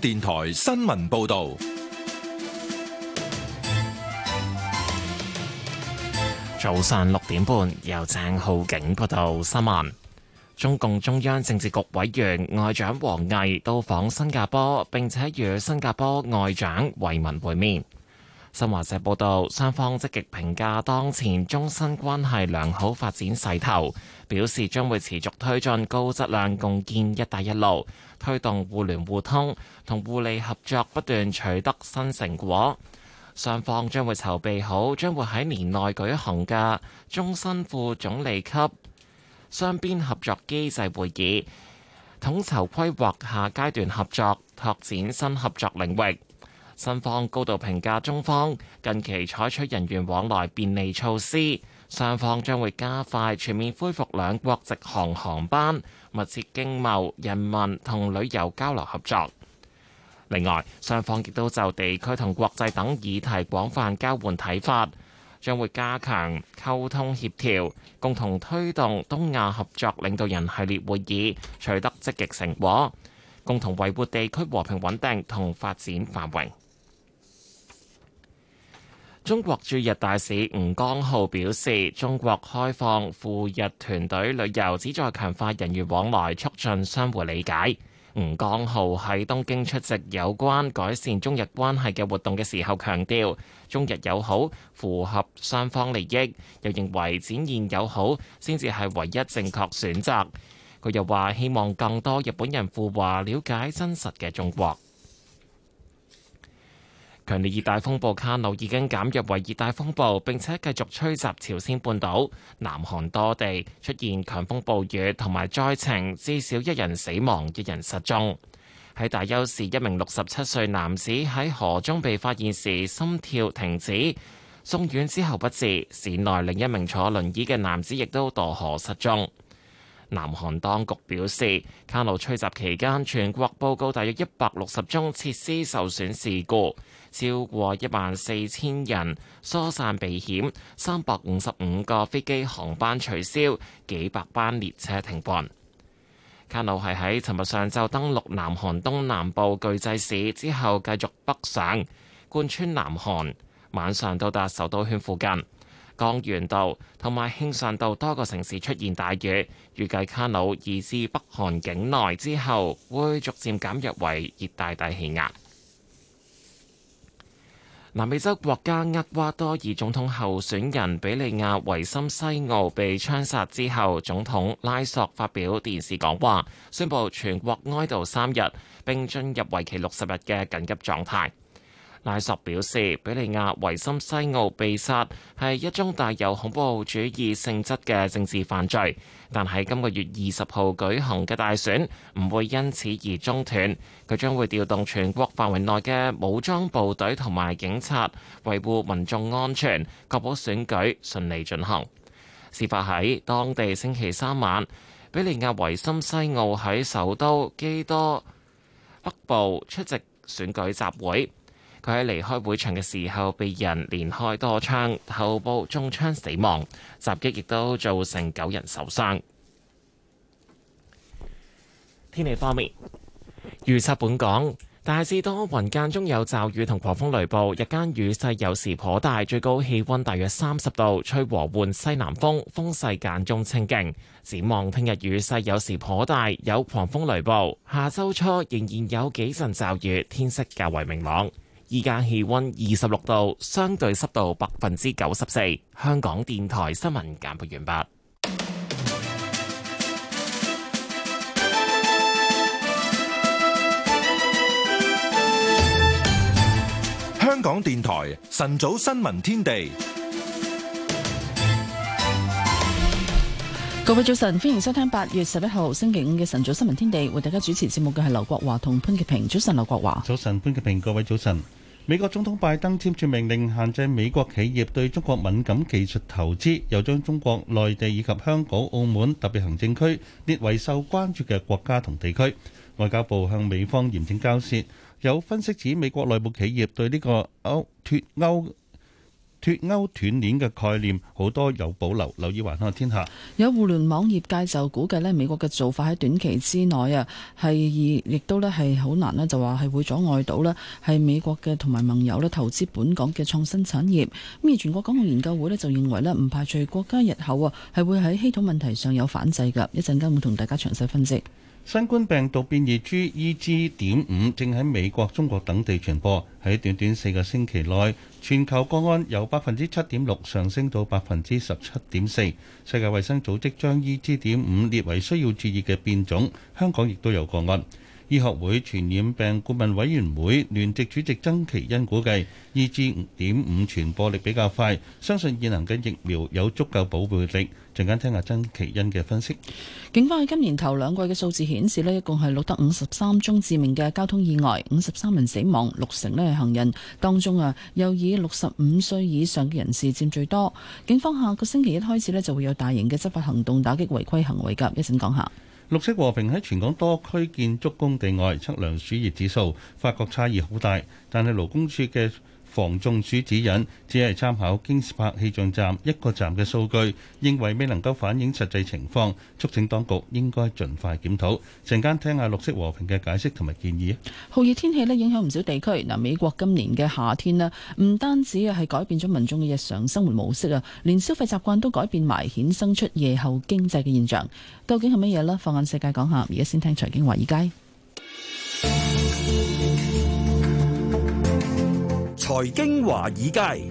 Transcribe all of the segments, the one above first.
電台新聞報道，早上六點半由鄭浩景報道新聞。中共中央政治局委員外長王毅到訪新加坡，並且與新加坡外長維文會面。新華社報道，雙方積極評價當前中新關係良好發展勢頭，表示將會持續推進高質量共建“一帶一路”，推動互聯互通同互利合作不斷取得新成果。雙方將會籌備好，將會喺年內舉行嘅中新副總理級雙邊合作機制會議，統籌規劃下階段合作，拓展新合作領域。新方高度評價中方近期採取人員往來便利措施，雙方將會加快全面恢復兩國直航航班，密切經貿、人民同旅遊交流合作。另外，雙方亦都就地區同國際等議題廣泛交換睇法，將會加強溝通協調，共同推動東亞合作領導人系列會議取得積極成果，共同維護地區和平穩定同發展繁榮。中國駐日大使吳江浩表示，中國開放赴日團隊旅遊，旨在強化人員往來，促進相互理解。吳江浩喺東京出席有關改善中日關係嘅活動嘅時候，強調中日友好符合雙方利益，又認為展現友好先至係唯一正確選擇。佢又話，希望更多日本人赴華了解真實嘅中國。強烈熱帶風暴卡努已經減弱為熱帶風暴，並且繼續吹襲朝鮮半島。南韓多地出現強風暴雨同埋災情，至少一人死亡，一人失蹤。喺大邱市，一名六十七歲男子喺河中被發現時心跳停止，送院之後不治。市內另一名坐輪椅嘅男子亦都墮河失蹤。南韓當局表示，卡努吹襲期間，全國報告大約一百六十宗設施受損事故。超過一萬四千人疏散避險，三百五十五個飛機航班取消，幾百班列車停運。卡努係喺尋日上晝登陸南韓東南部巨濟市之後，繼續北上貫穿南韓，晚上到達首都圈附近江原道同埋慶尚道多個城市出現大雨。預計卡努移至北韓境內之後，會逐漸減弱為熱帶低氣壓。南美洲國家厄瓜多爾總統候選人比利亞維森西奧被槍殺之後，總統拉索發表電視講話，宣布全國哀悼三日，並進入為期六十日嘅緊急狀態。拉索表示，比利亞維森西奧被殺係一宗帶有恐怖主義性質嘅政治犯罪，但喺今個月二十號舉行嘅大選唔會因此而中斷。佢將會調動全國範圍內嘅武裝部隊同埋警察，維護民眾安全，確保選舉順利進行。事發喺當地星期三晚，比利亞維森西奧喺首都基多北部出席選舉集會。佢喺離開會場嘅時候，被人連開多槍，頭部中槍死亡。襲擊亦都造成九人受傷。天氣方面，預測本港大致多雲間中有驟雨同狂風雷暴，日間雨勢有時頗大，最高氣温大約三十度，吹和緩西南風，風勢間中清勁。展望聽日雨勢有時頗大，有狂風雷暴。下周初仍然有幾陣驟雨，天色較為明朗。依家氣溫二十六度，相對濕度百分之九十四。香港電台新聞簡報完畢。香港電台晨早新聞天地。各位早晨，歡迎收聽八月十一號星期五嘅晨早新聞天地，為大家主持節目嘅係劉國華同潘潔平。早晨，劉國華。早晨，潘潔平。各位早晨。美國總統拜登簽署命令，限制美國企業對中國敏感技術投資，又將中國內地以及香港、澳門特別行政區列為受關注嘅國家同地區。外交部向美方嚴正交涉。有分析指，美國內部企業對呢個歐脱歐。脫鈎斷鏈嘅概念好多有保留，留意《環看天下》。有互聯網業界就估計咧，美國嘅做法喺短期之內啊，係亦都咧係好難咧，就話係會阻礙到咧係美國嘅同埋盟友咧投資本港嘅創新產業。咁而全國港澳研究會咧就認為咧唔排除國家日後啊，係會喺稀土問題上有反制㗎。一陣間會同大家詳細分析。新冠病毒變異株 EG 點五正喺美國、中國等地傳播，喺短短四個星期內，全球個案由百分之七點六上升到百分之十七點四，世界衛生組織將 EG 點五列為需要注意嘅變種，香港亦都有個案。醫學會傳染病顧問委員會聯席主席曾其恩估計，二至五點五傳播力比較快，相信現行嘅疫苗有足夠保護力。陣間聽下曾其恩嘅分析。警方喺今年頭兩季嘅數字顯示呢，一共係錄得五十三宗致命嘅交通意外，五十三人死亡，六成呢係行人，當中啊又以六十五歲以上嘅人士佔最多。警方下個星期一開始呢，就會有大型嘅執法行動打擊違規行為㗎，一陣講下。綠色和平喺全港多區建築工地外測量暑熱指數，發覺差異好大，但係勞工處嘅防中暑指引只係參考京士柏氣象站一個站嘅數據，認為未能夠反映實際情況，促請當局應該盡快檢討。陣間聽下綠色和平嘅解釋同埋建議啊！酷熱天氣咧影響唔少地區，嗱，美國今年嘅夏天咧，唔單止係改變咗民眾嘅日常生活模式啊，連消費習慣都改變埋，衍生出夜後經濟嘅現象。究竟係乜嘢呢？放眼世界講下，而家先聽財經華爾街。 財經華爾街，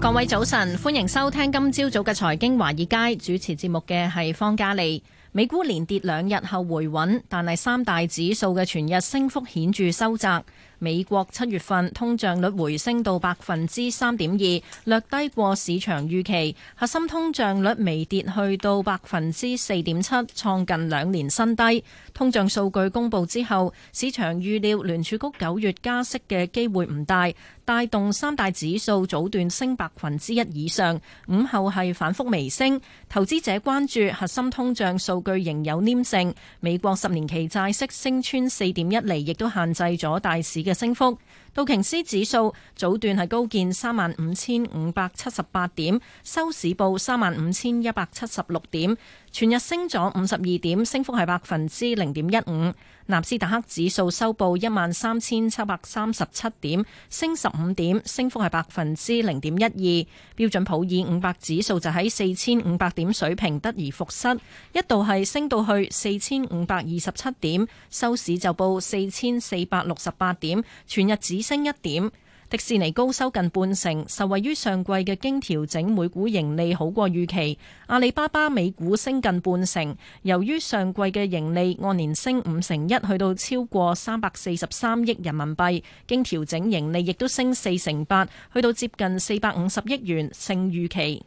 各位早晨，歡迎收聽今朝早嘅財經華爾街，主持節目嘅係方嘉利。美股連跌兩日後回穩，但係三大指數嘅全日升幅顯著收窄。美國七月份通脹率回升到百分之三點二，略低過市場預期。核心通脹率微跌去到百分之四點七，創近兩年新低。通脹數據公布之後，市場預料聯儲局九月加息嘅機會唔大。帶動三大指數早段，升百分之一以上，午後係反覆微升。投資者關注核心通脹數據仍有黏性，美國十年期債息升穿四點一厘，亦都限制咗大市嘅升幅。道瓊斯指數早段係高見三萬五千五百七十八點，收市報三萬五千一百七十六點，全日升咗五十二點，升幅係百分之零點一五。納斯達克指數收報一萬三千七百三十七點，升十五點，升幅係百分之零點一二。標準普爾五百指數就喺四千五百點水平得而復失，一度係升到去四千五百二十七點，收市就報四千四百六十八點，全日只升一點。迪士尼高收近半成，受惠於上季嘅經調整每股盈利好過預期。阿里巴巴美股升近半成，由於上季嘅盈利按年升五成一，去到超過三百四十三億人民幣，經調整盈利亦都升四成八，去到接近四百五十億元，勝預期。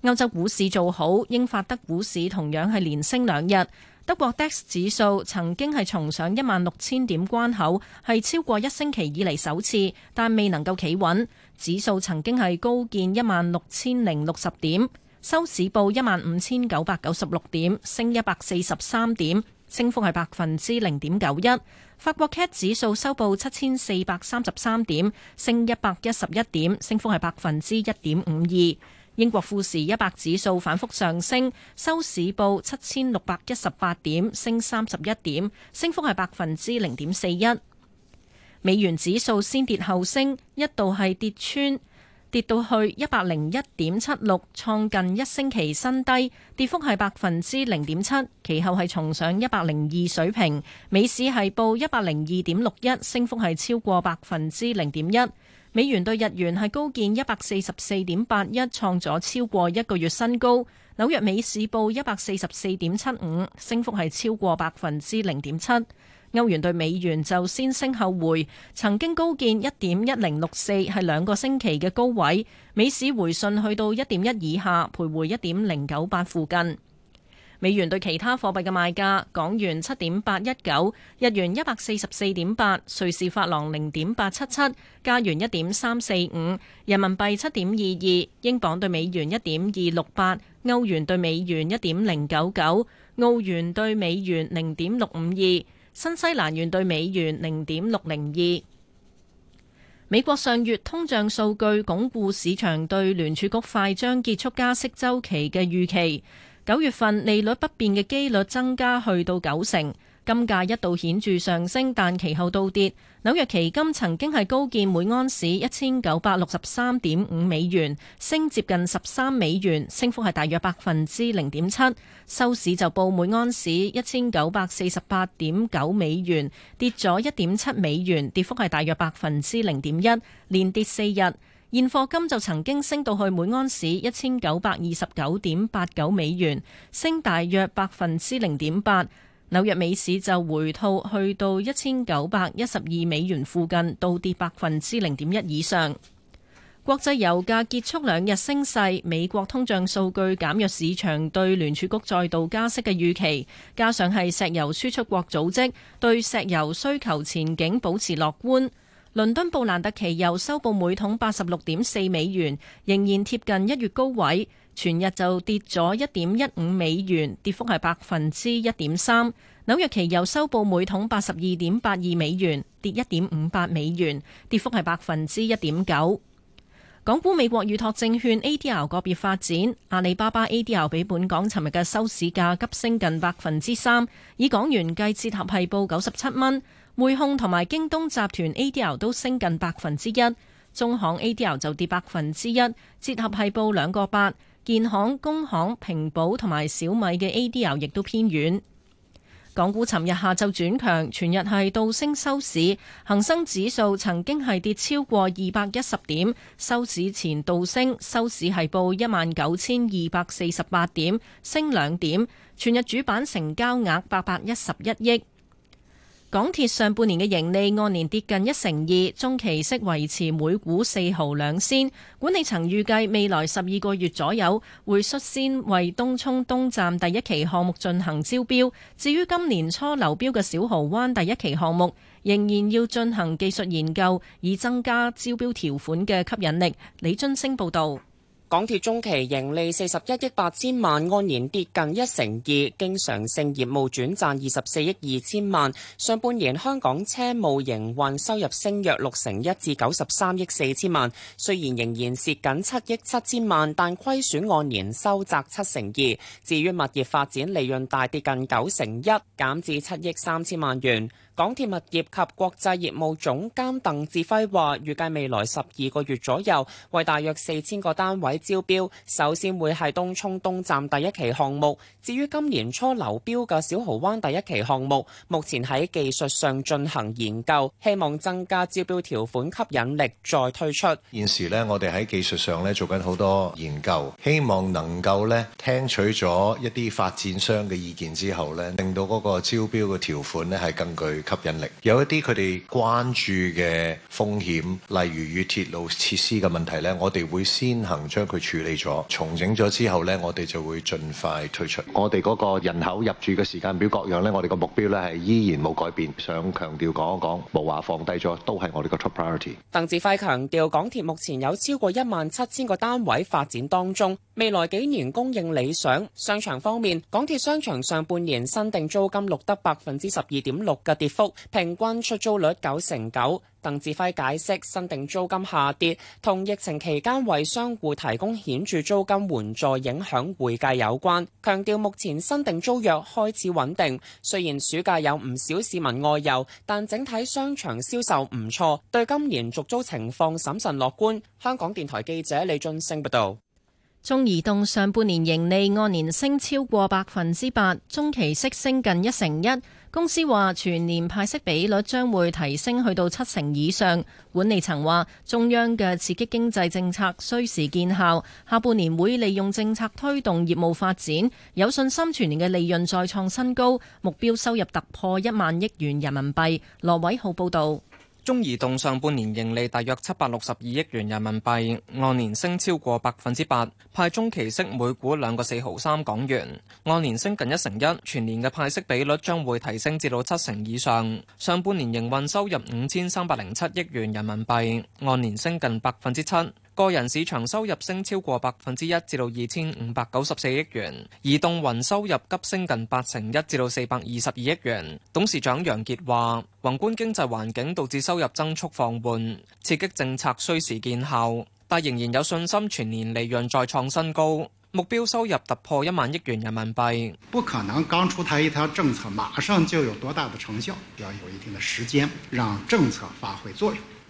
歐洲股市做好，英法德股市同樣係連升兩日。德國 DAX 指數曾經係重上一萬六千點關口，係超過一星期以嚟首次，但未能夠企穩。指數曾經係高見一萬六千零六十點，收市報一萬五千九百九十六點，升一百四十三點，升幅係百分之零點九一。法國 CAC 指數收報七千四百三十三點，升一百一十一點，升幅係百分之一點五二。英國富時一百指數反覆上升，收市報七千六百一十八點，升三十一點，升幅係百分之零點四一。美元指數先跌後升，一度係跌穿，跌到去一百零一點七六，創近一星期新低，跌幅係百分之零點七。其後係重上一百零二水平，美市係報一百零二點六一，升幅係超過百分之零點一。美元兌日元係高見一百四十四點八一，創咗超過一個月新高。紐約美市報一百四十四點七五，升幅係超過百分之零點七。歐元對美元就先升後回，曾經高見一點一零六四，係兩個星期嘅高位。美市回信去到一點一以下，徘徊一點零九八附近。美元對其他貨幣嘅賣價：港元七點八一九，日元一百四十四點八，瑞士法郎零點八七七，加元一點三四五，人民幣七點二二，英鎊對美元一點二六八，歐元對美元一點零九九，澳元對美元零點六五二，新西蘭元對美元零點六零二。美國上月通脹數據鞏固市場對聯儲局快將結束加息週期嘅預期。九月份利率不變嘅機率增加去到九成，金價一度顯著上升，但其後倒跌。紐約期金曾經係高見每安士一千九百六十三點五美元，升接近十三美元，升幅係大約百分之零點七。收市就報每安士一千九百四十八點九美元，跌咗一點七美元，跌幅係大約百分之零點一，連跌四日。現貨金就曾經升到去每安士一千九百二十九點八九美元，升大約百分之零點八。紐約美市就回吐去到一千九百一十二美元附近，倒跌百分之零點一以上。國際油價結束兩日升勢，美國通脹數據減弱市場對聯儲局再度加息嘅預期，加上係石油輸出國組織對石油需求前景保持樂觀。倫敦布蘭特期油收報每桶八十六點四美元，仍然貼近一月高位，全日就跌咗一點一五美元，跌幅係百分之一點三。紐約期油收報每桶八十二點八二美元，跌一點五八美元，跌幅係百分之一點九。港股美國預託證券 A D R 個別發展，阿里巴巴 A D R 比本港尋日嘅收市價急升近百分之三，以港元計，折合係報九十七蚊。匯控同埋京東集團 A.D.R 都升近百分之一，中行 A.D.R 就跌百分之一，折合係報兩個八。建行、工行、平保同埋小米嘅 A.D.R 亦都偏軟。港股尋日下晝轉強，全日係倒升收市。恒生指數曾經係跌超過二百一十點，收市前倒升，收市係報一萬九千二百四十八點，升兩點。全日主板成交額八百一十一億。港鐵上半年嘅盈利按年跌近一成二，中期息維持每股四毫兩仙。管理層預計未來十二個月左右會率先為東涌東站第一期項目進行招標。至於今年初流標嘅小蠔灣第一期項目，仍然要進行技術研究，以增加招標條款嘅吸引力。李俊升報導。港鐵中期盈利四十一億八千萬，按年跌近一成二，經常性業務轉賺二十四億二千萬。上半年香港車務營運收入升約六成一，至九十三億四千萬。雖然仍然蝕緊七億七千萬，但虧損按年收窄七成二。至於物業發展，利潤大跌近九成一，減至七億三千萬元。港鐵物業及國際業務總監鄧志輝話：預計未來十二個月左右，為大約四千個單位招標，首先會係東涌東站第一期項目。至於今年初流標嘅小蠔灣第一期項目，目前喺技術上進行研究，希望增加招標條款吸引力，再推出。現時呢，我哋喺技術上呢做緊好多研究，希望能夠呢聽取咗一啲發展商嘅意見之後呢，令到嗰個招標嘅條款呢係更具。吸引力，有一啲佢哋關注嘅風險，例如與鐵路設施嘅問題咧，我哋會先行將佢處理咗，重整咗之後咧，我哋就會盡快推出。我哋嗰個人口入住嘅時間表各樣咧，我哋個目標咧係依然冇改變，想強調講一講，冇話放低咗，都係我哋個 top priority。鄧志輝強調，港鐵目前有超過一萬七千個單位發展當中，未來幾年供應理想。商場方面，港鐵商場上半年新訂租金錄得百分之十二點六嘅跌幅平均出租率九成九。鄧志輝解釋，新定租金下跌同疫情期間為商戶提供顯著租金援助影響會計有關，強調目前新定租約開始穩定。雖然暑假有唔少市民外遊，但整體商場銷售唔錯，對今年續租情況審慎樂觀。香港電台記者李俊升報道。中移動上半年盈利按年升超過百分之八，中期息升近一成一。公司話全年派息比率將會提升去到七成以上。管理層話，中央嘅刺激經濟政策需時見效，下半年會利用政策推動業務發展，有信心全年嘅利潤再創新高，目標收入突破一萬億元人民幣。羅偉浩報導。中移動上半年盈利大約七百六十二億元人民幣，按年升超過百分之八，派中期息每股兩個四毫三港元，按年升近一成一，全年嘅派息比率將會提升至到七成以上。上半年營運收入五千三百零七億元人民幣，按年升近百分之七。個人市場收入升超過百分之一，至到二千五百九十四億元；移動雲收入急升近八成一，至到四百二十二億元。董事長楊杰話：宏觀經濟環境導致收入增速放緩，刺激政策需時見效，但仍然有信心全年利潤再創新高，目標收入突破一萬億元人民幣。不可能剛出台一條政策馬上就有多大的成效，要有一定嘅時間讓政策發揮作用。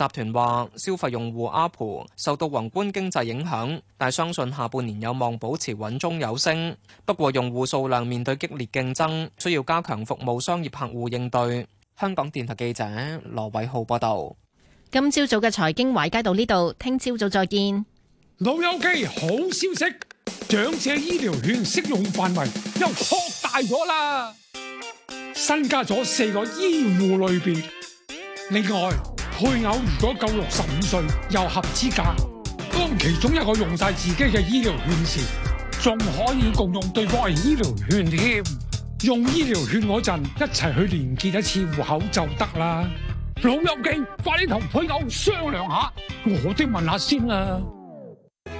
集團話，消費用戶阿婆受到宏觀經濟影響，但相信下半年有望保持穩中有升。不過用戶數量面對激烈競爭，需要加強服務商業客戶應對。香港電台記者羅偉浩報道。今朝早嘅財經圍街到呢度，聽朝早再見。老友記好消息，長者醫療券適用範圍又擴大咗啦，新加咗四個醫護類別。另外，配偶如果夠六十五歲又合資格，當其中一個用晒自己嘅醫療券時，仲可以共用對方嘅醫療券添。用醫療券嗰陣，一齊去連結一次戶口就得啦。老友記，快啲同配偶商量下。我哋問下先啦、啊。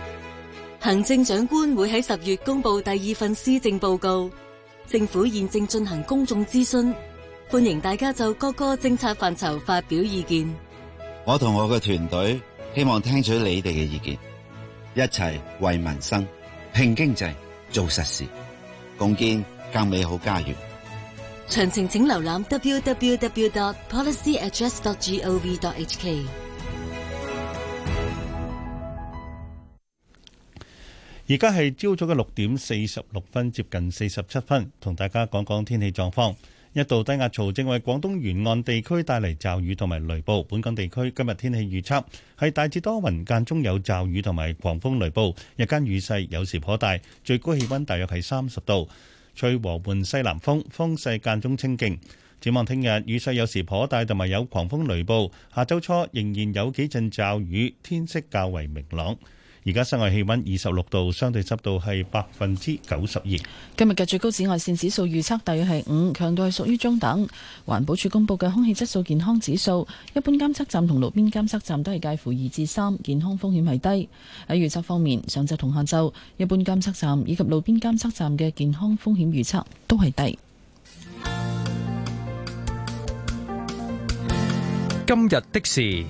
行政長官會喺十月公布第二份施政報告，政府現正進行公眾諮詢。歡迎大家就各個政策範疇發表意見。我同我嘅團隊希望聽取你哋嘅意見，一齊為民生拼經濟做實事，共建更美好家園。詳情請瀏覽 www.policyaddress.gov.hk。而家係朝早嘅六點四十六分，接近四十七分，同大家講講天氣狀況。一道低壓槽正為廣東沿岸地區帶嚟驟雨同埋雷暴。本港地區今日天氣預測，係大致多雲間中有驟雨同埋狂風雷暴，日間雨勢有時頗大，最高氣溫大約係三十度，吹和緩西南風，風勢間中清勁，展望聽日雨勢有時頗大同埋有狂風雷暴，下周初仍然有幾陣驟雨，天色較為明朗。而家室外氣溫二十六度，相對濕度係百分之九十二。今日嘅最高紫外線指數預測大約係五，強度係屬於中等。環保署公布嘅空氣質素健康指數，一般監測站同路邊監測站都係介乎二至三，健康風險係低。喺預測方面，上晝同下晝，一般監測站以及路邊監測站嘅健康風險預測都係低。今日的事。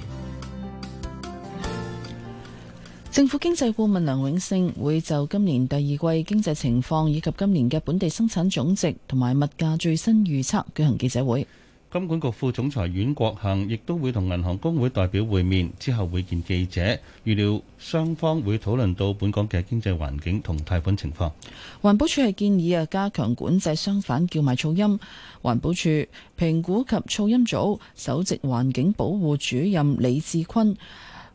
政府經濟顧問梁永勝會就今年第二季經濟情況以及今年嘅本地生產總值同埋物價最新預測舉行記者會。金管局副總裁阮國恆亦都會同銀行工會代表會面，之後會見記者，預料雙方會討論到本港嘅經濟環境同貸款情況。環保署係建議啊，加強管制商販叫賣噪音。環保署評估及噪音組首席環境保護主任李志坤，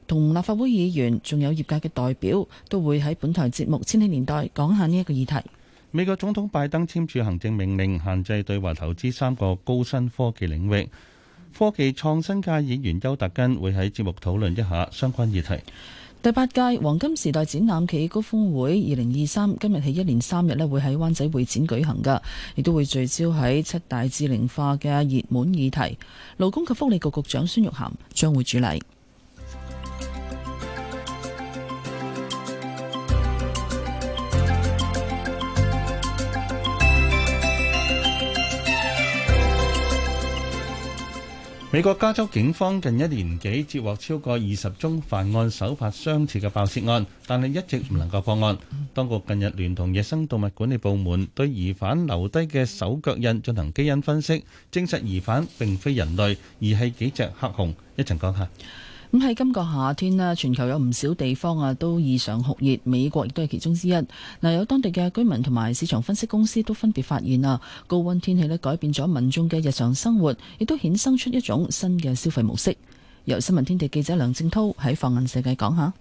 同立法會議員仲有業界嘅代表都會喺本台節目《千禧年代》講下呢一個議題。美國總統拜登簽署行政命令，限制對華投資三個高新科技領域。科技創新界議員邱特根會喺節目討論一下相關議題。第八屆黃金時代展覽暨高峰會二零二三今日起一連三日咧，會喺灣仔會展舉行噶，亦都會聚焦喺七大智能化嘅熱門議題。勞工及福利局局，局長孫玉菡將會主禮。美國加州警方近一年幾接獲超過二十宗犯案手法相似嘅爆竊案，但係一直唔能夠破案。當局近日聯同野生動物管理部門，對疑犯留低嘅手腳印進行基因分析，證實疑犯並非人類，而係幾隻黑熊。一陣講下。咁喺今個夏天咧，全球有唔少地方啊都異常酷熱，美國亦都係其中之一。嗱，有當地嘅居民同埋市場分析公司都分別發現啊，高温天氣咧改變咗民眾嘅日常生活，亦都衍生出一種新嘅消費模式。由新聞天地記者梁正濤喺放眼世界講下，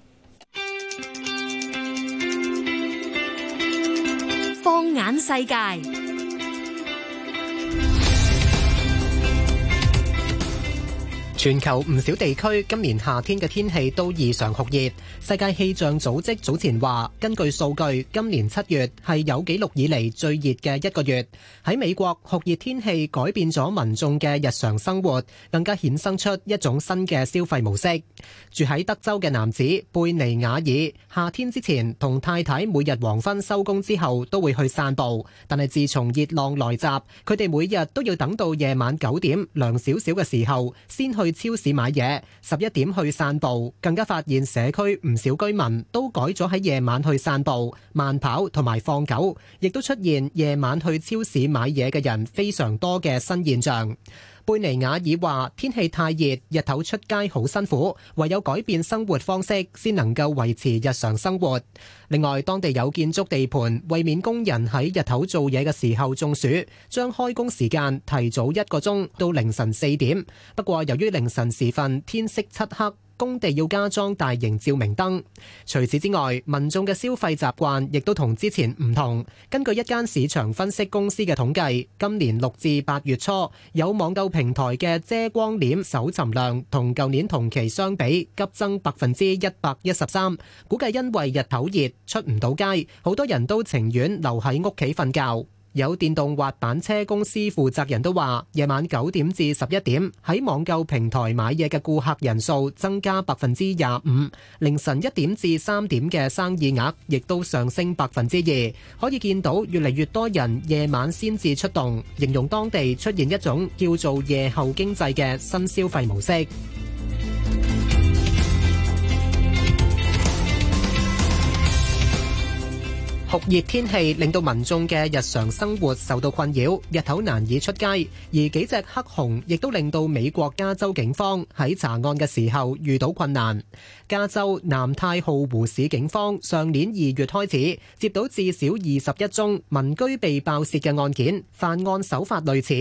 放眼世界。全球唔少地區今年夏天嘅天氣都異常酷熱。世界氣象組織早前話，根據數據，今年七月係有紀錄以嚟最熱嘅一個月。喺美國，酷熱天氣改變咗民眾嘅日常生活，更加衍生出一種新嘅消費模式。住喺德州嘅男子貝尼瓦爾，夏天之前同太太每日黃昏收工之後都會去散步，但係自從熱浪來襲，佢哋每日都要等到夜晚九點涼少少嘅時候先去。超市買嘢，十一點去散步，更加發現社區唔少居民都改咗喺夜晚去散步、慢跑同埋放狗，亦都出現夜晚去超市買嘢嘅人非常多嘅新現象。貝尼亞爾話：天氣太熱，日頭出街好辛苦，唯有改變生活方式，先能夠維持日常生活。另外，當地有建築地盤，為免工人喺日頭做嘢嘅時候中暑，將開工時間提早一個鐘到凌晨四點。不過，由於凌晨時分天色漆黑。工地要加裝大型照明燈。除此之外，民眾嘅消費習慣亦都同之前唔同，根據一間市場分析公司嘅統計，今年六至八月初有網購平台嘅遮光簾搜尋量同舊年同期相比，急增百分之一百一十三，估計因為日頭熱出唔到街，好多人都情願留喺屋企瞓覺。有電動滑板車公司負責人都話，夜晚九點至十一點喺網購平台買嘢嘅顧客人數增加百分之廿五，凌晨一點至三點嘅生意額亦都上升百分之二。可以見到越嚟越多人夜晚先至出動，形容當地出現一種叫做夜後經濟嘅新消費模式。酷熱天氣令到民眾嘅日常生活受到困擾，日頭難以出街；而幾隻黑熊亦都令到美國加州警方喺查案嘅時候遇到困難。加州南太浩湖市警方上年二月開始接到至少二十一宗民居被爆竊嘅案件，犯案手法類似，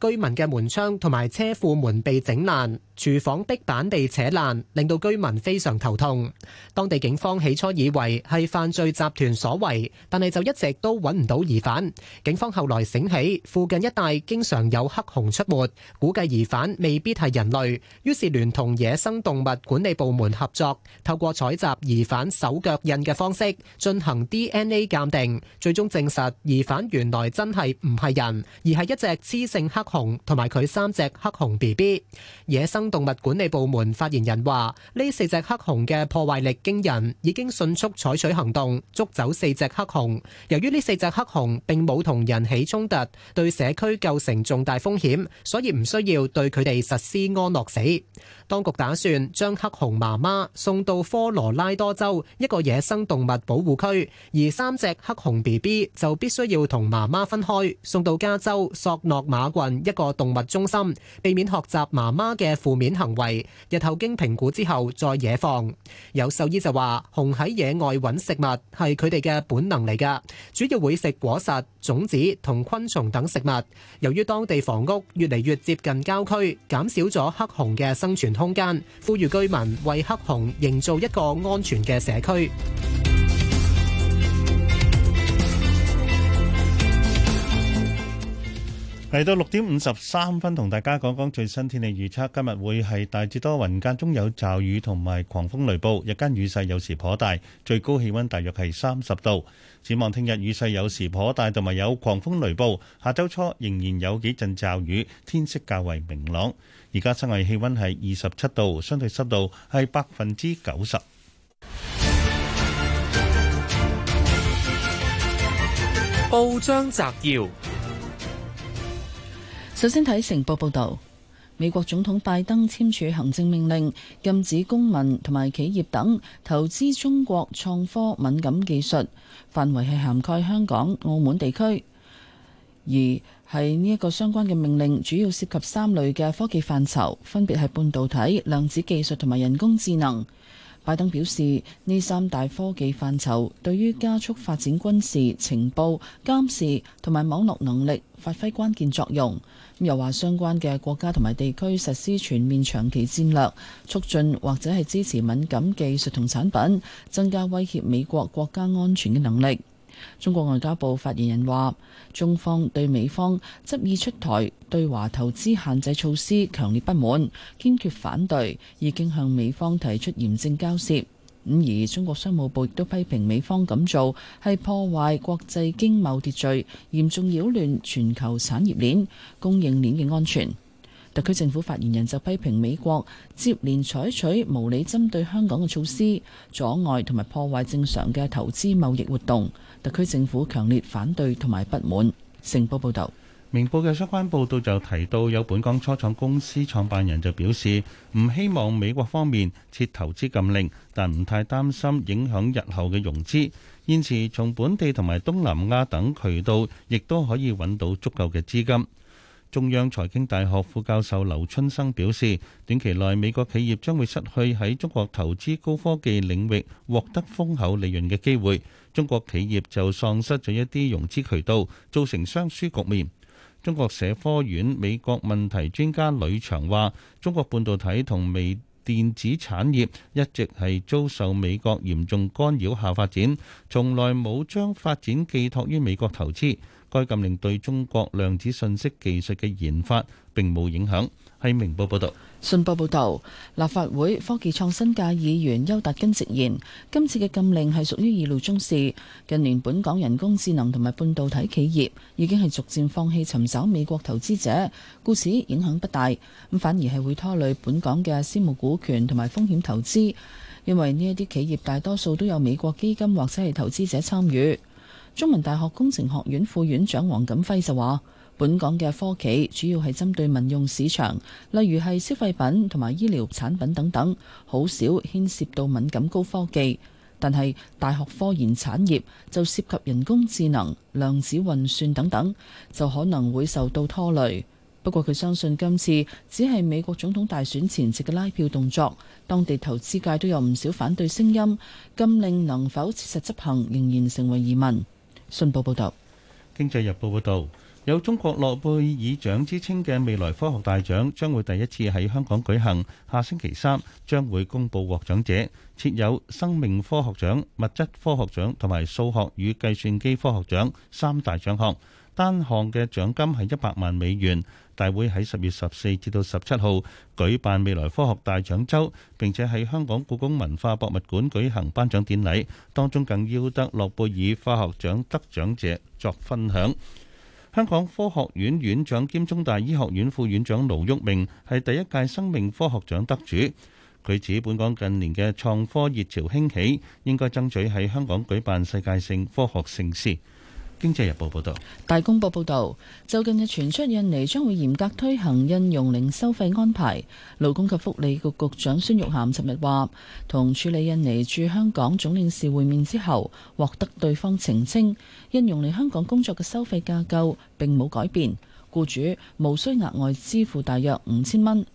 居民嘅門窗同埋車庫門被整爛，廚房壁板被扯爛，令到居民非常頭痛。當地警方起初以為係犯罪集團所為。但係就一直都揾唔到疑犯，警方後來醒起，附近一帶經常有黑熊出沒，估計疑犯未必係人類，於是聯同野生動物管理部門合作，透過採集疑犯手腳印嘅方式進行 DNA 鑑定，最終證實疑犯原來真係唔係人，而係一隻雌性黑熊同埋佢三隻黑熊 BB。野生動物管理部門發言人話：呢四隻黑熊嘅破壞力驚人，已經迅速採取行動捉走四隻黑熊。黑熊，由於呢四隻黑熊並冇同人起衝突，對社區構成重大風險，所以唔需要對佢哋實施安樂死。當局打算將黑熊媽媽送到科羅拉多州一個野生動物保護區，而三隻黑熊 BB 就必須要同媽媽分開，送到加州索諾馬郡一個動物中心，避免學習媽媽嘅負面行為。日後經評估之後再野放。有獸醫就話，熊喺野外揾食物係佢哋嘅本能。能力噶，主要會食果實、種子同昆蟲等食物。由於當地房屋越嚟越接近郊區，減少咗黑熊嘅生存空間，呼籲居民為黑熊營造一個安全嘅社區。嚟到六點五十三分，同大家講講最新天氣預測。今日會係大致多雲間中有驟雨同埋狂風雷暴，日間雨勢有時頗大，最高氣溫大約係三十度。展望聽日雨勢有時頗大，同埋有狂風雷暴。下周初仍然有幾陣驟雨，天色較為明朗。而家室外氣溫係二十七度，相對濕度係百分之九十。報章摘要。首先睇成報報導，美國總統拜登簽署行政命令，禁止公民同埋企業等投資中國創科敏感技術，範圍係涵蓋香港、澳門地區。而喺呢一個相關嘅命令，主要涉及三類嘅科技範疇，分別係半導體、量子技術同埋人工智能。拜登表示，呢三大科技範疇對於加速發展軍事、情報監視同埋網絡能力，發揮關鍵作用。又話相關嘅國家同埋地區實施全面長期戰略，促進或者係支持敏感技術同產品，增加威脅美國國家安全嘅能力。中國外交部發言人話：中方對美方執意出台對華投資限制措施強烈不滿，堅決反對，已經向美方提出嚴正交涉。咁而中國商務部亦都批評美方咁做係破壞國際經貿秩序，嚴重擾亂全球產業鏈供應鏈嘅安全。特區政府發言人就批評美國接連採取無理針對香港嘅措施，阻礙同埋破壞正常嘅投資貿易活動，特區政府強烈反對同埋不滿。成報報道。明報嘅相關報道就提到，有本港初創公司創辦人就表示，唔希望美國方面設投資禁令，但唔太擔心影響日後嘅融資。現時從本地同埋東南亞等渠道，亦都可以揾到足夠嘅資金。中央財經大學副教授劉春生表示，短期內美國企業將會失去喺中國投資高科技領域獲得豐厚利潤嘅機會，中國企業就喪失咗一啲融資渠道，造成雙輸局面。中國社科院美國問題專家呂祥話，中國半導體同微電子產業一直係遭受美國嚴重干擾下發展，從來冇將發展寄託於美國投資。該禁令對中國量子信息技術嘅研發並冇影響。喺明報報道。信報報導，立法會科技創新界議員邱達根直言，今次嘅禁令係屬於意料中事。近年本港人工智能同埋半導體企業已經係逐漸放棄尋找美國投資者，故此影響不大。咁反而係會拖累本港嘅私募股權同埋風險投資，因為呢一啲企業大多數都有美國基金或者係投資者參與。中文大學工程學院副院長黃錦輝就話。本港嘅科企主要係針對民用市場，例如係消費品同埋醫療產品等等，好少牽涉到敏感高科技。但係大學科研產業就涉及人工智能、量子運算等等，就可能會受到拖累。不過，佢相信今次只係美國總統大選前夕嘅拉票動作，當地投資界都有唔少反對聲音。禁令能否切實執行，仍然成為疑問。信報報道，經濟日報報道。有中國諾貝爾獎之稱嘅未來科學大獎將會第一次喺香港舉行，下星期三將會公布獲獎者。設有生命科學獎、物質科學獎同埋數學與計算機科學獎三大獎項，單項嘅獎金係一百萬美元。大會喺十月十四至到十七號舉辦未來科學大獎周，並且喺香港故宮文化博物館舉行頒獎典禮，當中更邀得諾貝爾化學獎得獎者作分享。香港科學院院長兼中大醫學院副院長盧煜明係第一屆生命科學獎得主，佢指本港近年嘅創科熱潮興起，應該爭取喺香港舉辦世界性科學盛事。經濟日報報道，大公報報道，就近日傳出印尼將會嚴格推行印傭零收費安排，勞工及福利局局長孫玉菡尋日話，同處理印尼駐香港總領事會面之後，獲得對方澄清，印傭嚟香港工作嘅收費架構並冇改變，雇主無需額外支付大約五千蚊。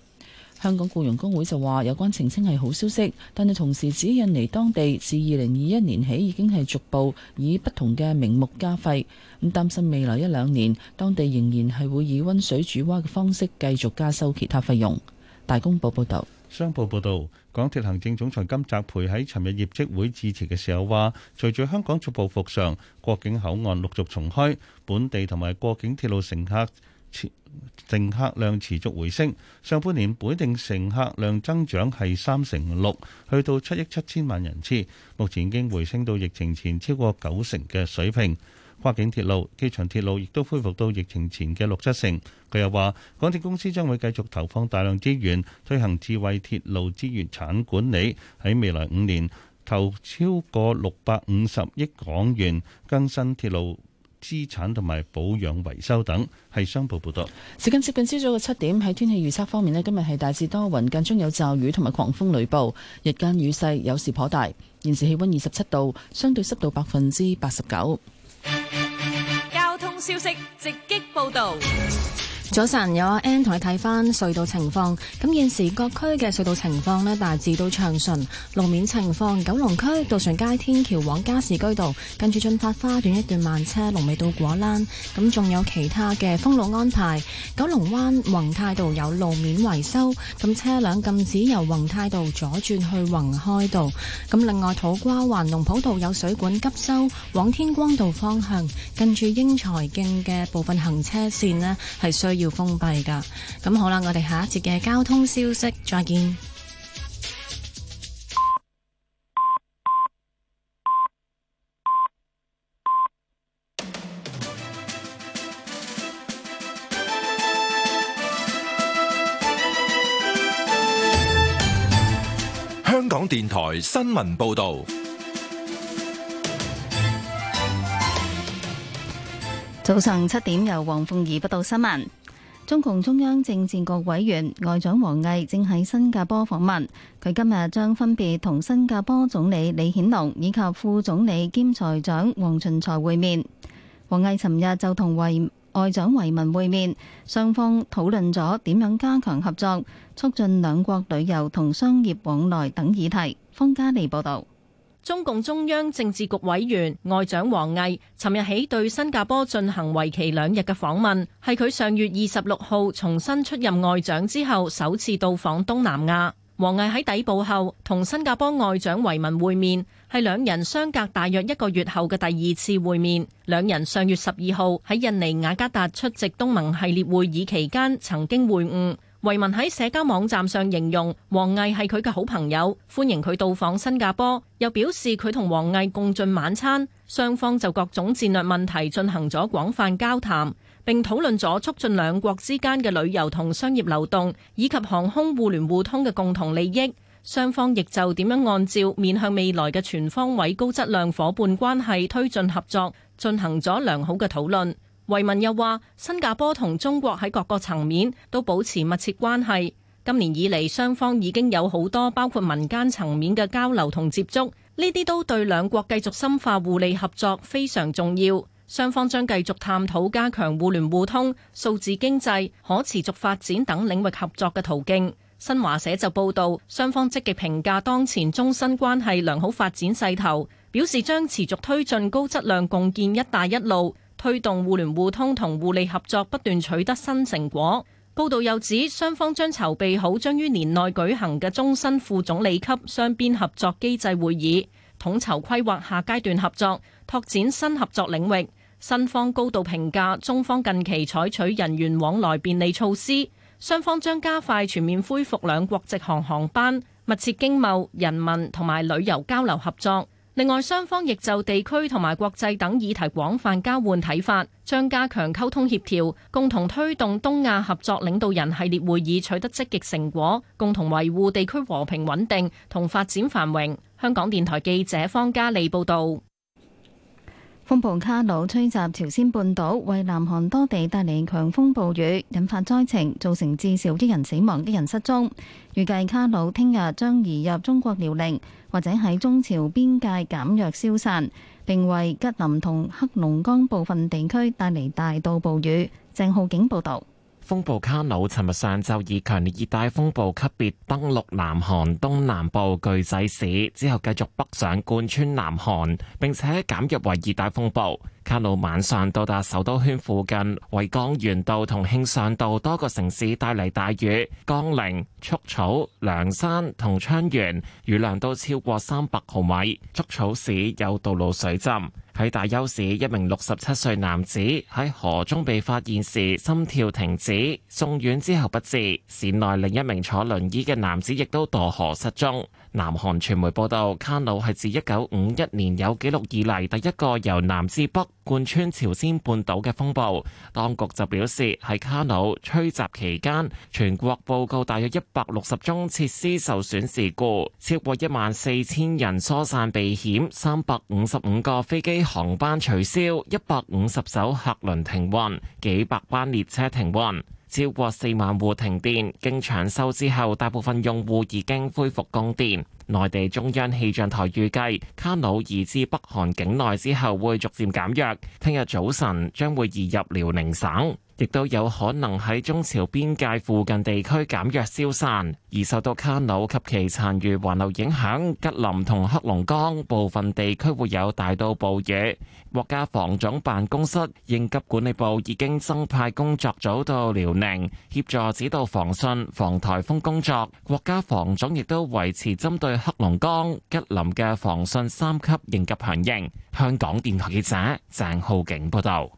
香港僱傭工會就話有關澄清係好消息，但係同時指印尼當地自二零二一年起已經係逐步以不同嘅名目加費，咁擔心未來一兩年當地仍然係會以溫水煮蛙嘅方式繼續加收其他費用。大公報報道，商報報道，港鐵行政總裁金澤培喺尋日業績會致辭嘅時候話，隨住香港逐步復常，過境口岸陸續重開，本地同埋過境鐵路乘客。乘客量持續回升，上半年本定乘客量增長係三成六，去到七億七千萬人次，目前已經回升到疫情前超過九成嘅水平。跨境鐵路、機場鐵路亦都恢復到疫情前嘅六七成。佢又話，港鐵公司將會繼續投放大量資源，推行智慧鐵路資源產管理，喺未來五年投超過六百五十億港元更新鐵路。資產同埋保養維修等，係商報報道。時間接近朝早嘅七點，喺天氣預測方面咧，今日係大致多雲，間中有驟雨同埋狂風雷暴，日間雨勢有時頗大。現時氣溫二十七度，相對濕度百分之八十九。交通消息直擊報道。早晨，有阿 Ann 同你睇翻隧道情況。咁現時各區嘅隧道情況咧大致都暢順，路面情況。九龍區渡船街天橋往加士居道跟住進發花園一段慢車，龍尾到果欄。咁仲有其他嘅封路安排。九龍灣宏泰道有路面維修，咁車輛禁止由宏泰道左轉去宏開道。咁另外土瓜灣龍普道有水管急修，往天光道方向近住英才徑嘅部分行車線咧係需要。要封閉噶，咁好啦！我哋下一節嘅交通消息，再見。香港電台新聞報導，早上七點由黃鳳儀報導新聞。中共中央政治局委員外長王毅正喺新加坡訪問，佢今日將分別同新加坡總理李顯龍以及副總理兼財長黃循財會面。王毅尋日就同維外長維文會面，雙方討論咗點樣加強合作，促進兩國旅遊同商業往來等議題。方家莉報道。中共中央政治局委員外長王毅尋日起對新加坡進行為期兩日嘅訪問，係佢上月二十六號重新出任外長之後首次到訪東南亞。王毅喺抵埗後同新加坡外長維文會面，係兩人相隔大約一個月後嘅第二次會面。兩人上月十二號喺印尼雅加達出席東盟系列會議期間曾經會晤。維文喺社交網站上形容王毅係佢嘅好朋友，歡迎佢到訪新加坡，又表示佢同王毅共進晚餐，雙方就各種戰略問題進行咗廣泛交談，並討論咗促進兩國之間嘅旅遊同商業流動以及航空互聯互通嘅共同利益。雙方亦就點樣按照面向未來嘅全方位高質量夥伴關係推進合作進行咗良好嘅討論。維文又話，新加坡同中國喺各個層面都保持密切關係。今年以嚟，雙方已經有好多包括民間層面嘅交流同接觸，呢啲都對兩國繼續深化互利合作非常重要。雙方將繼續探討加強互聯互通、數字經濟、可持續發展等領域合作嘅途徑。新華社就報道，雙方積極評價當前中新關係良好發展勢頭，表示將持續推進高質量共建“一帶一路”。推動互聯互通同互利合作不斷取得新成果。報道又指，雙方將籌備好將於年內舉行嘅中新副總理級雙邊合作機制會議，統籌規劃下階段合作，拓展新合作領域。新方高度評價中方近期採取人員往來便利措施，雙方將加快全面恢復兩國直航航班，密切經貿、人民同埋旅遊交流合作。另外，雙方亦就地區同埋國際等議題廣泛交換睇法，將加強溝通協調，共同推動東亞合作領導人系列會議取得積極成果，共同維護地區和平穩定同發展繁榮。香港電台記者方嘉利報導。風暴卡努吹襲朝鮮半島，為南韓多地帶嚟強風暴雨，引發災情，造成至少一人死亡、一人失蹤。預計卡努聽日將移入中國遼寧，或者喺中朝邊界減弱消散，並為吉林同黑龍江部分地區帶嚟大到暴雨。鄭浩景報道。風暴卡努尋日上晝以強烈熱帶風暴級別登陸南韓東南部巨濟市，之後繼續北上貫穿南韓，並且減弱為熱帶風暴。卡努晚上到達首都圈附近，為江原道同慶尚道多個城市帶嚟大雨，江陵、束草、梁山同昌原雨量都超過三百毫米，束草市有道路水浸。喺大邱市，一名六十七歲男子喺河中被發現時心跳停止，送院之後不治。市內另一名坐輪椅嘅男子亦都墮河失蹤。南韓傳媒報道，卡努係自一九五一年有記錄以嚟第一個由南至北貫穿朝鮮半島嘅風暴。當局就表示，喺卡努吹襲期間，全國報告大約一百六十宗設施受損事故，超過一萬四千人疏散避險，三百五十五個飛機航班取消，一百五十艘客輪停運，幾百班列車停運。超過四萬戶停電，經搶修之後，大部分用戶已經恢復供電。內地中央氣象台預計，卡努移至北韓境內之後，會逐漸減弱，聽日早晨將會移入遼寧省。亦都有可能喺中朝邊界附近地區減弱消散，而受到卡努及其殘餘環流影響，吉林同黑龍江部分地區會有大到暴雨。國家防總辦公室應急管理部已經增派工作組到遼寧協助指導防汛防台風工作。國家防總亦都維持針對黑龍江、吉林嘅防汛三級應急響應。香港電台記者鄭浩景報道。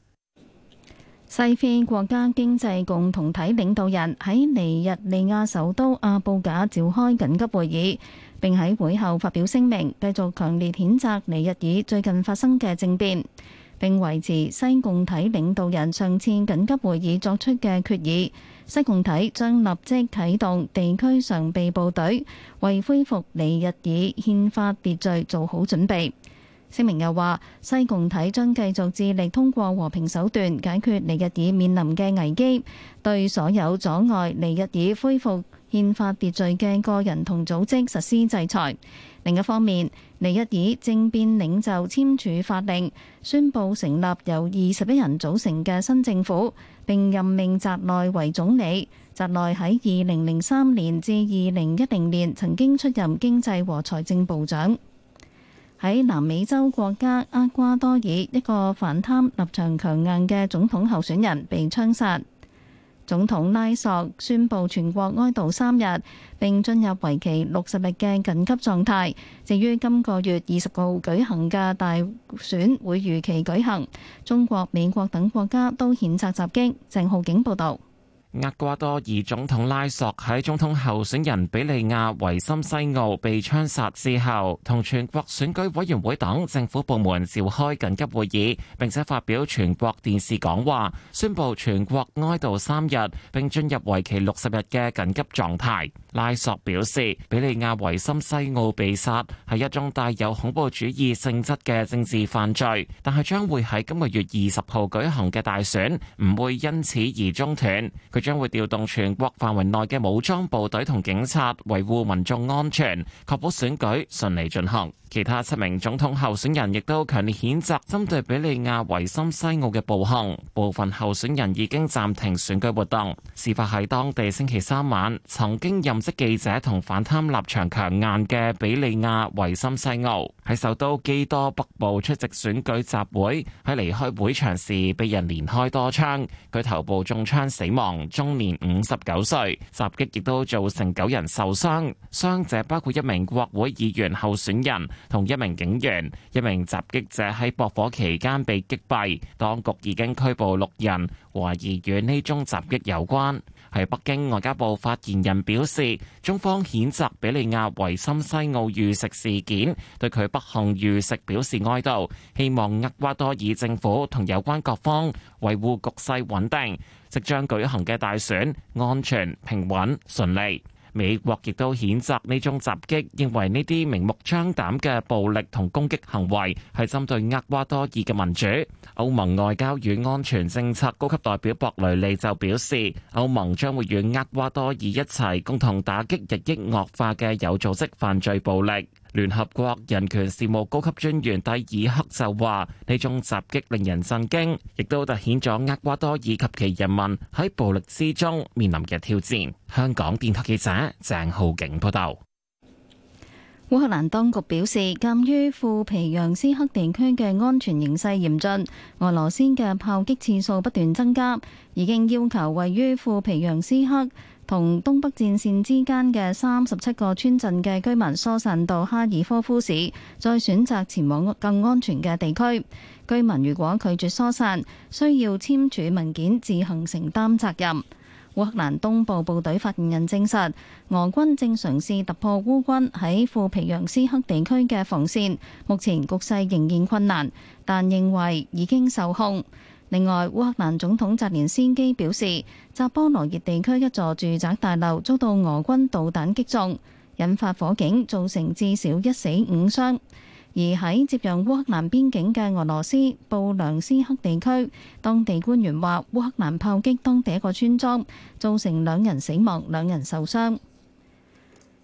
西非國家經濟共同體領導人喺尼日利亞首都阿布賈召開緊急會議，並喺會後發表聲明，繼續強烈譴責尼日爾最近發生嘅政變，並維持西共體領導人上次緊急會議作出嘅決議。西共體將立即啟動地區常備部隊，為恢復尼日爾憲法秩序做好準備。聲明又話，西共體將繼續致力通過和平手段解決尼日爾面臨嘅危機，對所有阻礙尼日爾恢復憲法秩序嘅個人同組織實施制裁。另一方面，尼日爾政變領袖簽署法令，宣布成立由二十一人組成嘅新政府，並任命澤內為總理。澤內喺二零零三年至二零一零年曾經出任經濟和財政部長。喺南美洲國家厄瓜多爾，一個反貪立場強硬嘅總統候選人被槍殺，總統拉索宣布全國哀悼三日，並進入為期六十日嘅緊急狀態。至於今個月二十號舉行嘅大選，會如期舉行。中國、美國等國家都譴責襲擊。鄭浩景報道。厄瓜多爾總統拉索喺總統候選人比利亞維森西奧被槍殺之後，同全國選舉委員會等政府部門召開緊急會議，並且發表全國電視講話，宣布全國哀悼三日，並進入為期六十日嘅緊急狀態。拉索表示，比利亞維森西奧被殺係一宗帶有恐怖主義性質嘅政治犯罪，但係將會喺今個月二十號舉行嘅大選唔會因此而中斷。佢將會調動全國範圍內嘅武裝部隊同警察，維護民眾安全，確保選舉順利進行。其他七名總統候選人亦都強烈譴責針對比利亞維森西奧嘅暴行。部分候選人已經暫停選舉活動。事發喺當地星期三晚，曾經任職記者同反貪立場強硬嘅比利亞維森西奧喺首都基多北部出席選舉集會，喺離開會場時被人連開多槍，佢頭部中槍死亡。中年五十九歲，襲擊亦都造成九人受傷，傷者包括一名國會議員候選人同一名警員。一名襲擊者喺駁火期間被擊斃，當局已經拘捕六人，懷疑與呢宗襲擊有關。喺北京，外交部發言人表示，中方譴責比利亞維森西奧遇食事件，對佢不幸遇食表示哀悼，希望厄瓜多爾政府同有關各方維護局勢穩定。即將舉行嘅大選安全平穩順利。美國亦都譴責呢宗襲擊，認為呢啲明目張膽嘅暴力同攻擊行為係針對厄瓜多爾嘅民主。歐盟外交與安全政策高級代表博雷利就表示，歐盟將會與厄瓜多爾一齊共同打擊日益惡化嘅有組織犯罪暴力。聯合國人權事務高級專員蒂爾克就話：呢種襲擊令人震驚，亦都突顯咗厄瓜多爾及其人民喺暴力之中面臨嘅挑戰。香港電台記者鄭浩景報道。烏克蘭當局表示，鑑於庫皮揚斯克地區嘅安全形勢嚴峻，俄羅斯嘅炮擊次數不斷增加，已經要求位於庫皮揚斯克同東北戰線之間嘅三十七個村鎮嘅居民疏散到哈爾科夫市，再選擇前往更安全嘅地區。居民如果拒絕疏散，需要簽署文件自行承擔責任。烏克蘭東部部隊發言人證實，俄軍正嘗試突破烏軍喺庫皮揚斯克地區嘅防線，目前局勢仍然困難，但認為已經受控。另外，烏克蘭總統澤連斯基表示，扎波羅熱地區一座住宅大樓遭到俄軍導彈擊中，引發火警，造成至少一死五傷。而喺接壤烏克蘭邊境嘅俄羅斯布良斯克地區，當地官員話烏克蘭炮擊當地一個村莊，造成兩人死亡，兩人受傷。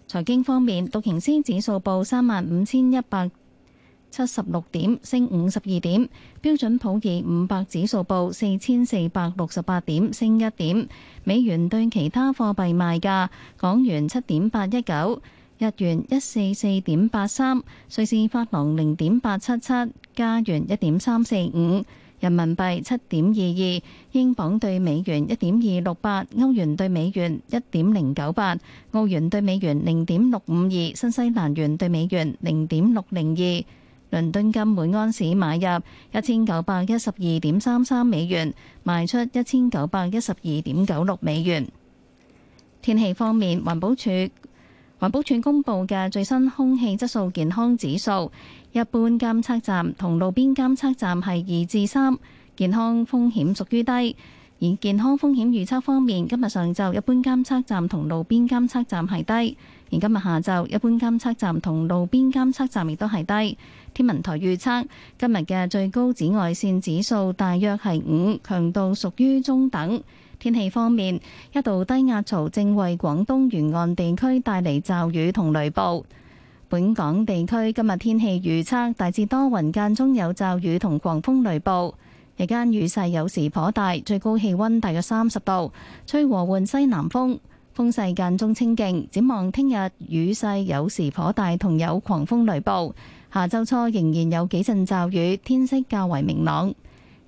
財經方面，道瓊斯指數報三萬五千一百七十六點，升五十二點。標準普爾五百指數報四千四百六十八點，升一點。美元對其他貨幣賣價：港元七點八一九，日元一四四點八三，瑞士法郎零點八七七，加元一點三四五，人民幣七點二二，英鎊對美元一點二六八，歐元對美元一點零九八，澳元對美元零點六五二，新西蘭元對美元零點六零二。倫敦金每安士買入一千九百一十二點三三美元，賣出一千九百一十二點九六美元。天氣方面，環保署環保署公布嘅最新空氣質素健康指數，一般監測站同路邊監測站係二至三，健康風險屬於低。而健康風險預測方面，今日上晝一般監測站同路邊監測站係低，而今日下晝一般監測站同路邊監測站亦都係低。天文台預測今日嘅最高紫外線指數大約係五，強度屬於中等。天氣方面，一道低壓槽正為廣東沿岸地區帶嚟驟雨同雷暴。本港地區今日天氣預測大致多雲，間中有驟雨同狂風雷暴，日間雨勢有時頗大，最高氣温大約三十度，吹和緩西南風，風勢間中清勁。展望聽日，雨勢有時頗大，同有狂風雷暴。下周初仍然有幾陣驟雨，天色較為明朗。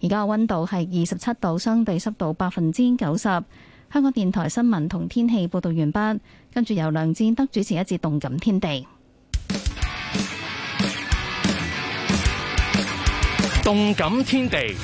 而家嘅溫度係二十七度，相對濕度百分之九十。香港電台新聞同天氣報道完畢，跟住由梁健德主持一節動感天地。動感天地。天地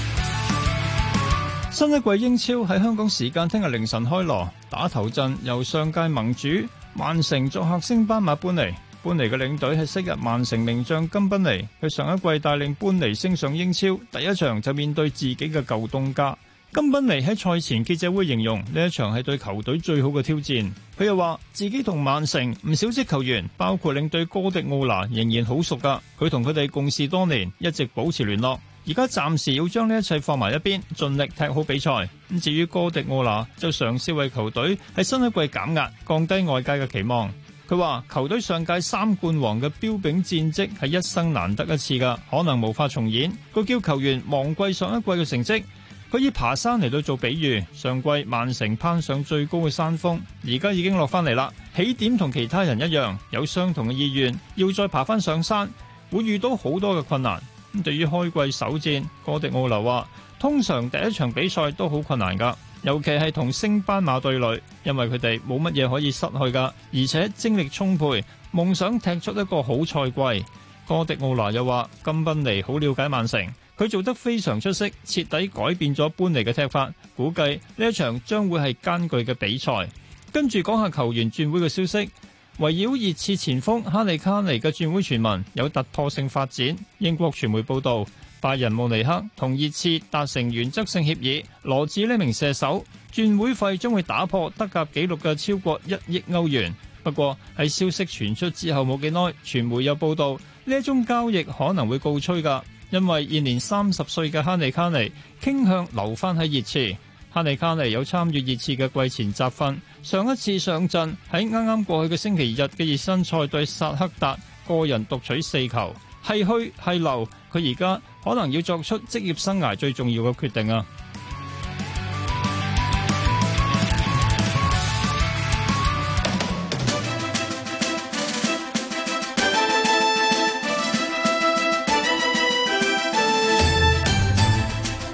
新一季英超喺香港時間聽日凌晨開鑼，打頭陣由上屆盟主曼城作客升班馬搬嚟。搬般尼嘅領隊係昔日曼城名將甘賓尼，佢上一季帶領搬般尼升上英超，第一場就面對自己嘅舊東家。甘賓尼喺賽前記者會形容呢一場係對球隊最好嘅挑戰。佢又話自己同曼城唔少職球員，包括領隊哥迪奧拿仍然好熟㗎，佢同佢哋共事多年，一直保持聯絡。而家暫時要將呢一切放埋一邊，盡力踢好比賽。咁至於哥迪奧拿就嘗試為球隊喺新一季減壓，降低外界嘅期望。佢話球隊上屆三冠王嘅彪炳戰績係一生難得一次噶，可能無法重演。佢叫球員忘記上一季嘅成績，佢以爬山嚟到做比喻。上季曼城攀上最高嘅山峰，而家已經落翻嚟啦。起點同其他人一樣，有相同嘅意願，要再爬翻上山，會遇到好多嘅困難。咁對於開季首戰，哥迪奧流話，通常第一場比賽都好困難噶。尤其係同升班馬對壘，因為佢哋冇乜嘢可以失去㗎，而且精力充沛，夢想踢出一個好賽季。哥迪奧拿又話：金賓尼好了解曼城，佢做得非常出色，徹底改變咗班尼嘅踢法。估計呢一場將會係艱巨嘅比賽。跟住講下球員轉會嘅消息，圍繞熱刺前鋒哈利卡尼嘅轉會傳聞有突破性發展。英國傳媒報導。拜仁慕尼黑同熱刺達成原則性協議，羅致呢名射手轉會費將會打破德甲紀錄嘅超過一億歐元。不過喺消息傳出之後冇幾耐，傳媒有報道呢一宗交易可能會告吹㗎，因為現年三十歲嘅哈尼卡尼傾向留返喺熱刺。哈尼卡尼有參與熱刺嘅季前集訓，上一次上陣喺啱啱過去嘅星期日嘅熱身賽對薩克達，個人獨取四球，係去係留。佢而家可能要作出職業生涯最重要嘅決定啊！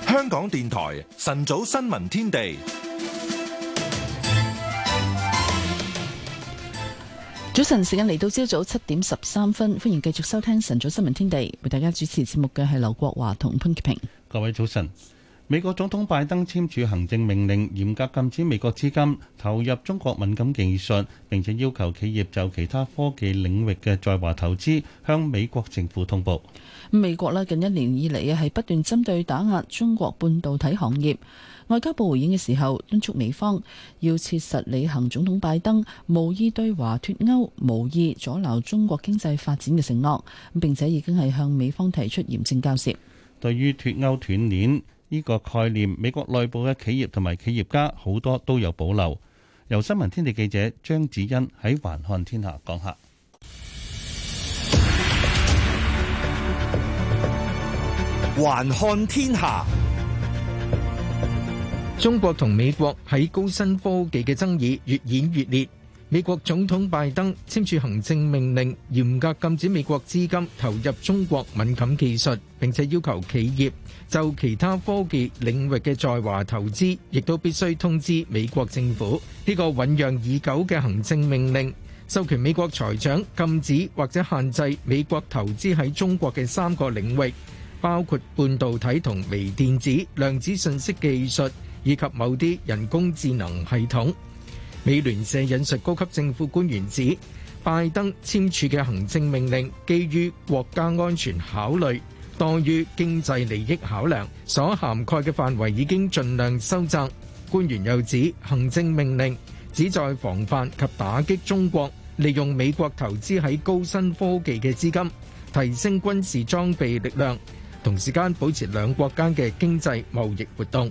香港電台晨早新聞天地。早晨，時間嚟到朝早七點十三分，歡迎繼續收聽晨早新聞天地。為大家主持節目嘅係劉國華同潘潔平。各位早晨，美國總統拜登簽署行政命令，嚴格禁止美國資金投入中國敏感技術，並且要求企業就其他科技領域嘅在華投資向美國政府通報。咁美國啦，近一年以嚟啊，係不斷針對打壓中國半導體行業。外交部回應嘅時候，敦促美方要切實履行總統拜登無意對華脫歐、無意阻撓中國經濟發展嘅承諾，並且已經係向美方提出嚴正交涉。對於脫歐斷鏈呢個概念，美國內部嘅企業同埋企業家好多都有保留。由新聞天地記者張子欣喺環看天下講下。環看天下。中國同美國喺高新科技嘅爭議越演越烈。美國總統拜登簽署行政命令，嚴格禁止美國資金投入中國敏感技術，並且要求企業，就其他科技領域嘅在華投資，亦都必須通知美國政府。呢個醞釀已久嘅行政命令，授權美國財長，禁止，或者限制美國投資喺中國嘅三個領域，包括半導體同微電子量子信息技術，以及某啲人工智能系統。美聯社引述高級政府官員指，拜登簽署嘅行政命令基於國家安全考慮，當於經濟利益考量所涵蓋嘅範圍已經盡量收窄。官員又指，行政命令旨在防範及打擊中國利用美國投資喺高新科技嘅資金提升軍事裝備力量，同時間保持兩國間嘅經濟貿易活動。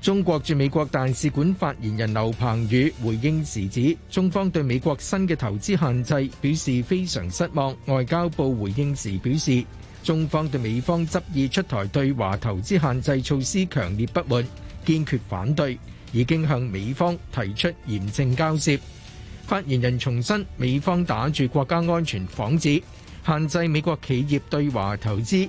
中國駐美國大使館發言人劉鵬宇回應時指，中方對美國新嘅投資限制表示非常失望。外交部回應時表示，中方對美方執意出台對華投資限制措施強烈不滿，堅決反對，已經向美方提出嚴正交涉。發言人重申，美方打著國家安全幌子，限制美國企業對華投資。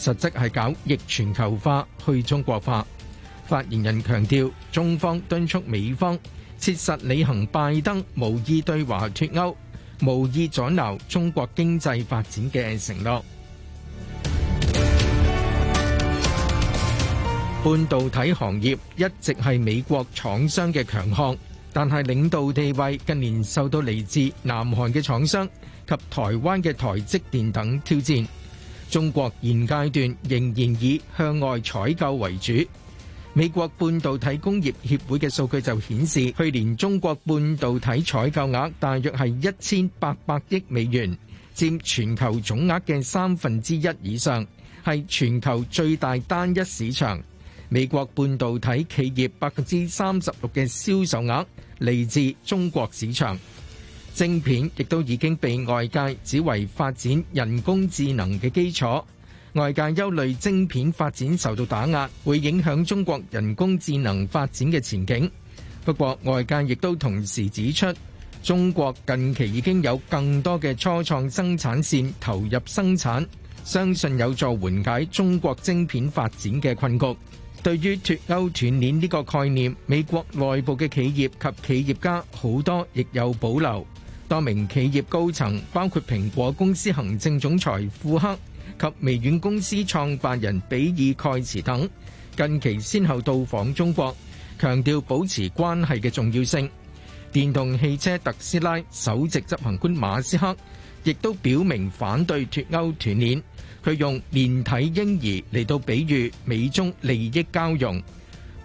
實質係搞逆全球化、去中國化。發言人強調，中方敦促美方切實履行拜登無意對華脫歐、無意阻撓中國經濟發展嘅承諾。半導體行業一直係美國廠商嘅強項，但係領導地位近年受到來自南韓嘅廠商及台灣嘅台積電等挑戰。中國現階段仍然以向外採購為主。美國半導體工業協會嘅數據就顯示，去年中國半導體採購額大約係一千八百億美元，占全球總額嘅三分之一以上，係全球最大單一市場。美國半導體企業百分之三十六嘅銷售額嚟自中國市場。晶片亦都已經被外界指為發展人工智能嘅基礎，外界憂慮晶片發展受到打壓，會影響中國人工智能發展嘅前景。不過，外界亦都同時指出，中國近期已經有更多嘅初創生產線投入生產，相信有助緩解中國晶片發展嘅困局。對於脱歐斷鏈呢個概念，美國內部嘅企業及企業家好多亦有保留。多名企業高層，包括蘋果公司行政總裁庫克及微軟公司創辦人比爾蓋茨等，近期先後到訪中國，強調保持關係嘅重要性。電動汽車特斯拉首席執行官馬斯克亦都表明反對脱歐斷鏈。佢用連體嬰兒嚟到比喻美中利益交融，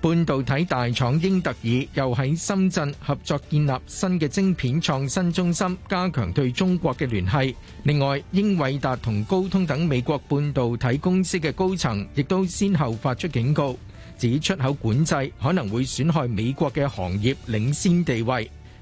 半導體大廠英特爾又喺深圳合作建立新嘅晶片創新中心，加強對中國嘅聯繫。另外，英偉達同高通等美國半導體公司嘅高層亦都先後發出警告，指出口管制可能會損害美國嘅行業領先地位。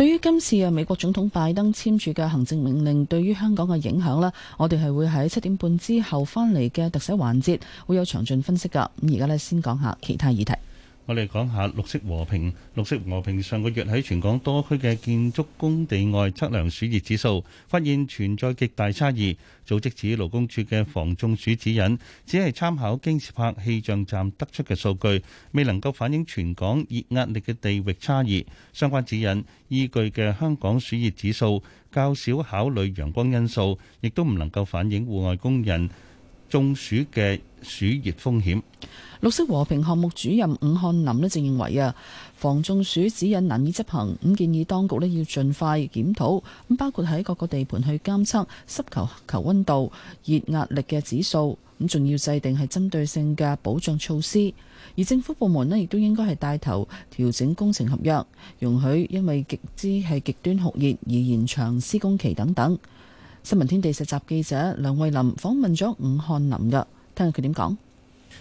對於今次嘅美國總統拜登簽署嘅行政命令，對於香港嘅影響咧，我哋係會喺七點半之後翻嚟嘅特首環節會有詳盡分析噶。咁而家咧先講下其他議題。我哋講下綠色和平。綠色和平上個月喺全港多區嘅建築工地外測量暑熱指數，發現存在極大差異。組織指勞工處嘅防中暑指引只係參考京士柏氣象站得出嘅數據，未能夠反映全港熱壓力嘅地域差異。相關指引依據嘅香港暑熱指數較少考慮陽光因素，亦都唔能夠反映戶外工人中暑嘅暑熱風險。綠色和平項目主任伍漢林咧，就認為啊，防中暑指引難以執行，咁建議當局咧要盡快檢討，咁包括喺各個地盤去監測濕球球温度、熱壓力嘅指數，咁仲要制定係針對性嘅保障措施。而政府部門咧，亦都應該係帶頭調整工程合約，容許因為極之係極端酷熱而延長施工期等等。新聞天地實習記者梁慧琳訪問咗伍漢林嘅，聽下佢點講。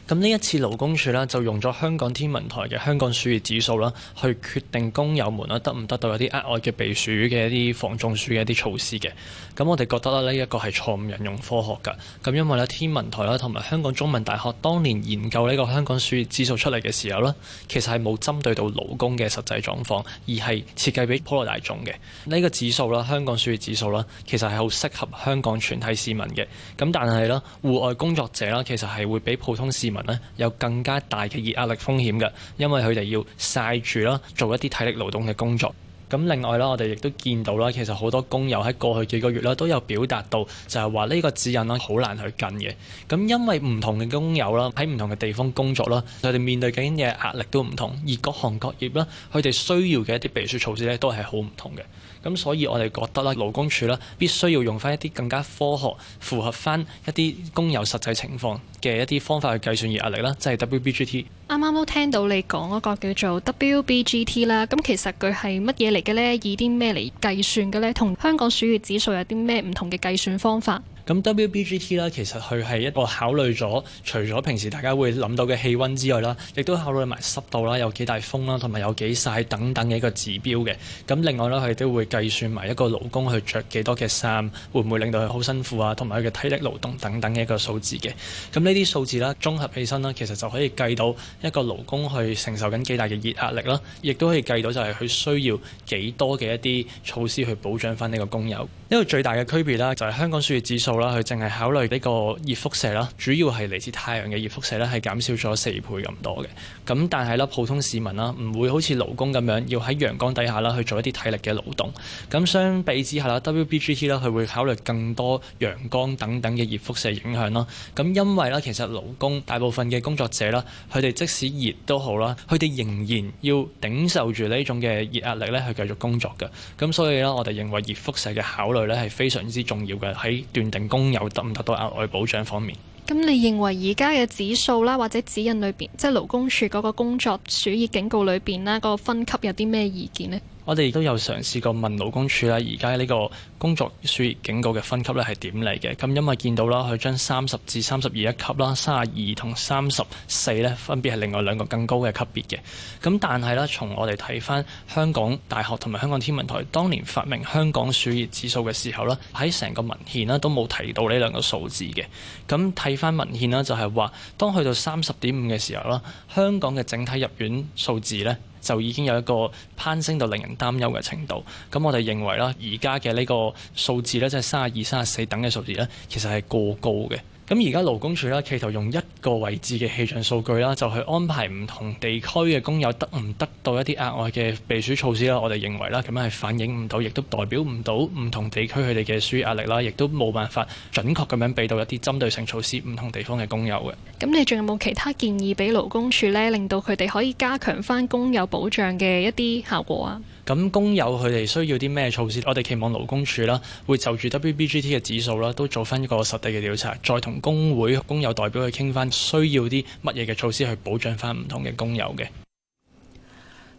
咁呢一次勞工處呢，就用咗香港天文台嘅香港暑熱指數啦，去決定工友們啦得唔得到一啲額外嘅避暑嘅一啲防中暑嘅一啲措施嘅。咁我哋覺得呢一個係錯誤引用科學㗎。咁因為呢天文台啦同埋香港中文大學當年研究呢個香港暑熱指數出嚟嘅時候啦，其實係冇針對到勞工嘅實際狀況，而係設計俾普羅大眾嘅。呢個指數啦，香港暑熱指數啦，其實係好適合香港全體市民嘅。咁但係咧，戶外工作者啦，其實係會比普通市民有更加大嘅熱壓力風險嘅，因為佢哋要曬住啦，做一啲體力勞動嘅工作。咁另外啦，我哋亦都見到啦，其實好多工友喺過去幾個月啦，都有表達到就係話呢個指引啦，好難去跟嘅。咁因為唔同嘅工友啦，喺唔同嘅地方工作啦，佢哋面對緊嘅壓力都唔同，而各行各業啦，佢哋需要嘅一啲避暑措施咧，都係好唔同嘅。咁所以我哋覺得啦，勞工處啦，必須要用翻一啲更加科學、符合翻一啲工友實際情況嘅一啲方法去計算而壓力啦，即係 WBGT。啱啱都聽到你講嗰個叫做 WBGT 啦，咁其實佢係乜嘢嚟嘅咧？以啲咩嚟計算嘅咧？同香港暑熱指數有啲咩唔同嘅計算方法？咁 WBGT 啦，其實佢係一個考慮咗除咗平時大家會諗到嘅氣温之外啦，亦都考慮埋濕度啦、有幾大風啦、同埋有幾曬等等嘅一個指標嘅。咁另外咧，佢都會計算埋一個勞工去着幾多嘅衫，會唔會令到佢好辛苦啊？同埋佢嘅體力勞動等等嘅一個數字嘅。咁呢啲數字啦，綜合起身啦，其實就可以計到一個勞工去承受緊幾大嘅熱壓力啦，亦都可以計到就係佢需要幾多嘅一啲措施去保障返呢個工友。一個最大嘅區別啦，就係、是、香港輸熱指數啦，佢淨係考慮呢個熱輻射啦，主要係嚟自太陽嘅熱輻射咧，係減少咗四倍咁多嘅。咁但係啦，普通市民啦，唔會好似勞工咁樣，要喺陽光底下啦去做一啲體力嘅勞動。咁相比之下啦，WBGT 啦，佢會考慮更多陽光等等嘅熱輻射影響啦。咁因為啦，其實勞工大部分嘅工作者啦，佢哋即使熱都好啦，佢哋仍然要頂受住呢種嘅熱壓力咧，去繼續工作嘅。咁所以咧，我哋認為熱輻射嘅考慮咧，係非常之重要嘅，喺斷定工友得唔得到額外保障方面。咁你認為而家嘅指數啦，或者指引裏邊，即係勞工處嗰個工作暑熱警告裏邊啦，個分級有啲咩意見呢？我哋亦都有嘗試過問勞工處咧，而家呢個工作暑熱警告嘅分級咧係點嚟嘅？咁因為見到啦，佢將三十至三十二一級啦，三十二同三十四咧分別係另外兩個更高嘅級別嘅。咁但係咧，從我哋睇翻香港大學同埋香港天文台當年發明香港暑熱指數嘅時候啦，喺成個文獻啦都冇提到呢兩個數字嘅。咁睇翻文獻啦，就係話當去到三十點五嘅時候啦，香港嘅整體入院數字咧。就已經有一個攀升到令人擔憂嘅程度，咁我哋認為啦，而家嘅呢個數字咧，即係三十二、三十四等嘅數字咧，其實係過高嘅。咁而家勞工署呢企圖用一個位置嘅氣象數據啦，就去安排唔同地區嘅工友得唔得到一啲額外嘅避暑措施啦。我哋認為啦，咁樣係反映唔到，亦都代表唔到唔同地區佢哋嘅暑壓力啦，亦都冇辦法準確咁樣俾到一啲針對性措施，唔同地方嘅工友嘅。咁你仲有冇其他建議俾勞工署呢，令到佢哋可以加強返工友保障嘅一啲效果啊？咁工友佢哋需要啲咩措施？我哋期望勞工處啦，會就住 WBGT 嘅指數啦，都做翻一個實地嘅調查，再同工會工友代表去傾翻，需要啲乜嘢嘅措施去保障翻唔同嘅工友嘅。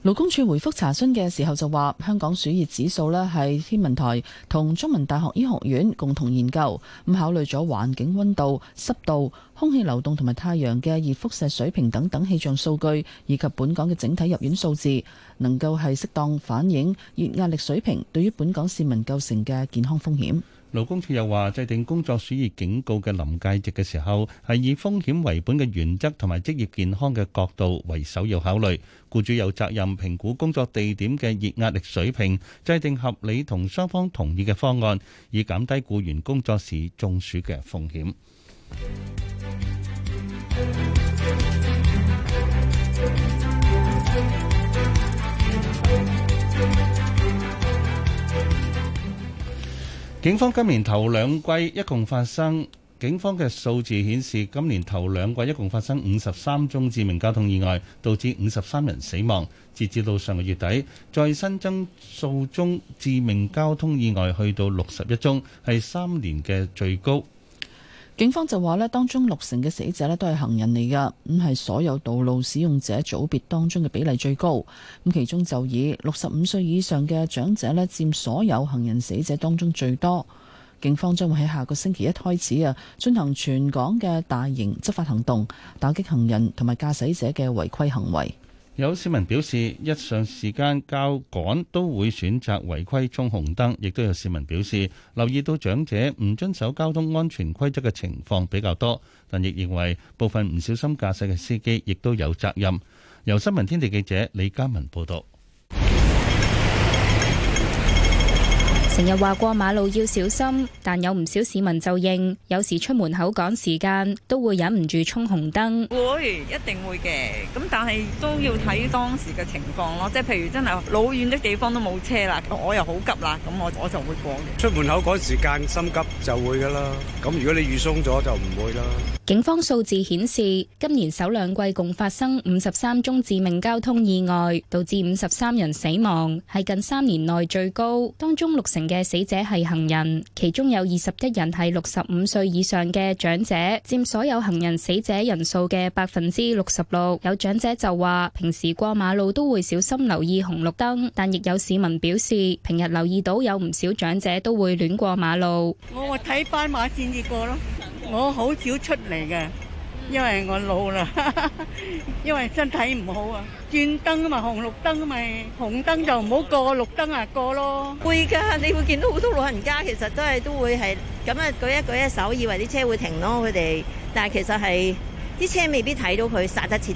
勞工處回覆查詢嘅時候就話，香港暑熱指數呢係天文台同中文大學醫學院共同研究，咁考慮咗環境溫度、濕度、空氣流動同埋太陽嘅熱輻射水平等等氣象數據，以及本港嘅整體入院數字，能夠係適當反映熱壓力水平對於本港市民構成嘅健康風險。勞工處又話，制定工作暑熱警告嘅臨界值嘅時候，係以風險為本嘅原則同埋職業健康嘅角度為首要考慮。雇主有責任評估工作地點嘅熱壓力水平，制定合理同雙方同意嘅方案，以減低雇員工作時中暑嘅風險。警方今年頭兩季一共發生，警方嘅數字顯示今年頭兩季一共發生五十三宗致命交通意外，導致五十三人死亡。截至到上個月底，再新增數宗致命交通意外，去到六十一宗，係三年嘅最高。警方就話咧，當中六成嘅死者咧都係行人嚟噶，咁係所有道路使用者組別當中嘅比例最高。咁其中就以六十五歲以上嘅長者咧占所有行人死者當中最多。警方將會喺下個星期一開始啊，進行全港嘅大型執法行動，打擊行人同埋駕駛者嘅違規行為。有市民表示，一上時間較趕都會選擇違規衝紅燈，亦都有市民表示留意到長者唔遵守交通安全規則嘅情況比較多，但亦認為部分唔小心駕駛嘅司機亦都有責任。由新聞天地記者李嘉文報道。成日話過馬路要小心，但有唔少市民就認，有時出門口趕時間都會忍唔住衝紅燈。會，一定會嘅。咁但係都要睇當時嘅情況咯，即係譬如真係老遠的地方都冇車啦，我又好急啦，咁我我就會過嘅。出門口趕時間心急就會噶啦。咁如果你預鬆咗就唔會啦。警方數字顯示，今年首兩季共發生五十三宗致命交通意外，導致五十三人死亡，係近三年內最高。當中六成嘅死者係行人，其中有二十一人係六十五歲以上嘅長者，佔所有行人死者人數嘅百分之六十六。有長者就話，平時過馬路都會小心留意紅綠燈，但亦有市民表示，平日留意到有唔少長者都會亂過馬路。我話睇斑馬線至過咯，我好少出嚟嘅。因為我老啦， 因為身體唔好啊。轉燈啊嘛，紅綠燈啊咪，紅燈就唔好過，綠燈就過咯。會㗎，你會見到好多老人家，其實都係都會係咁啊，舉一舉一手，以為啲車會停咯，佢哋。但係其實係啲車未必睇到佢煞得切。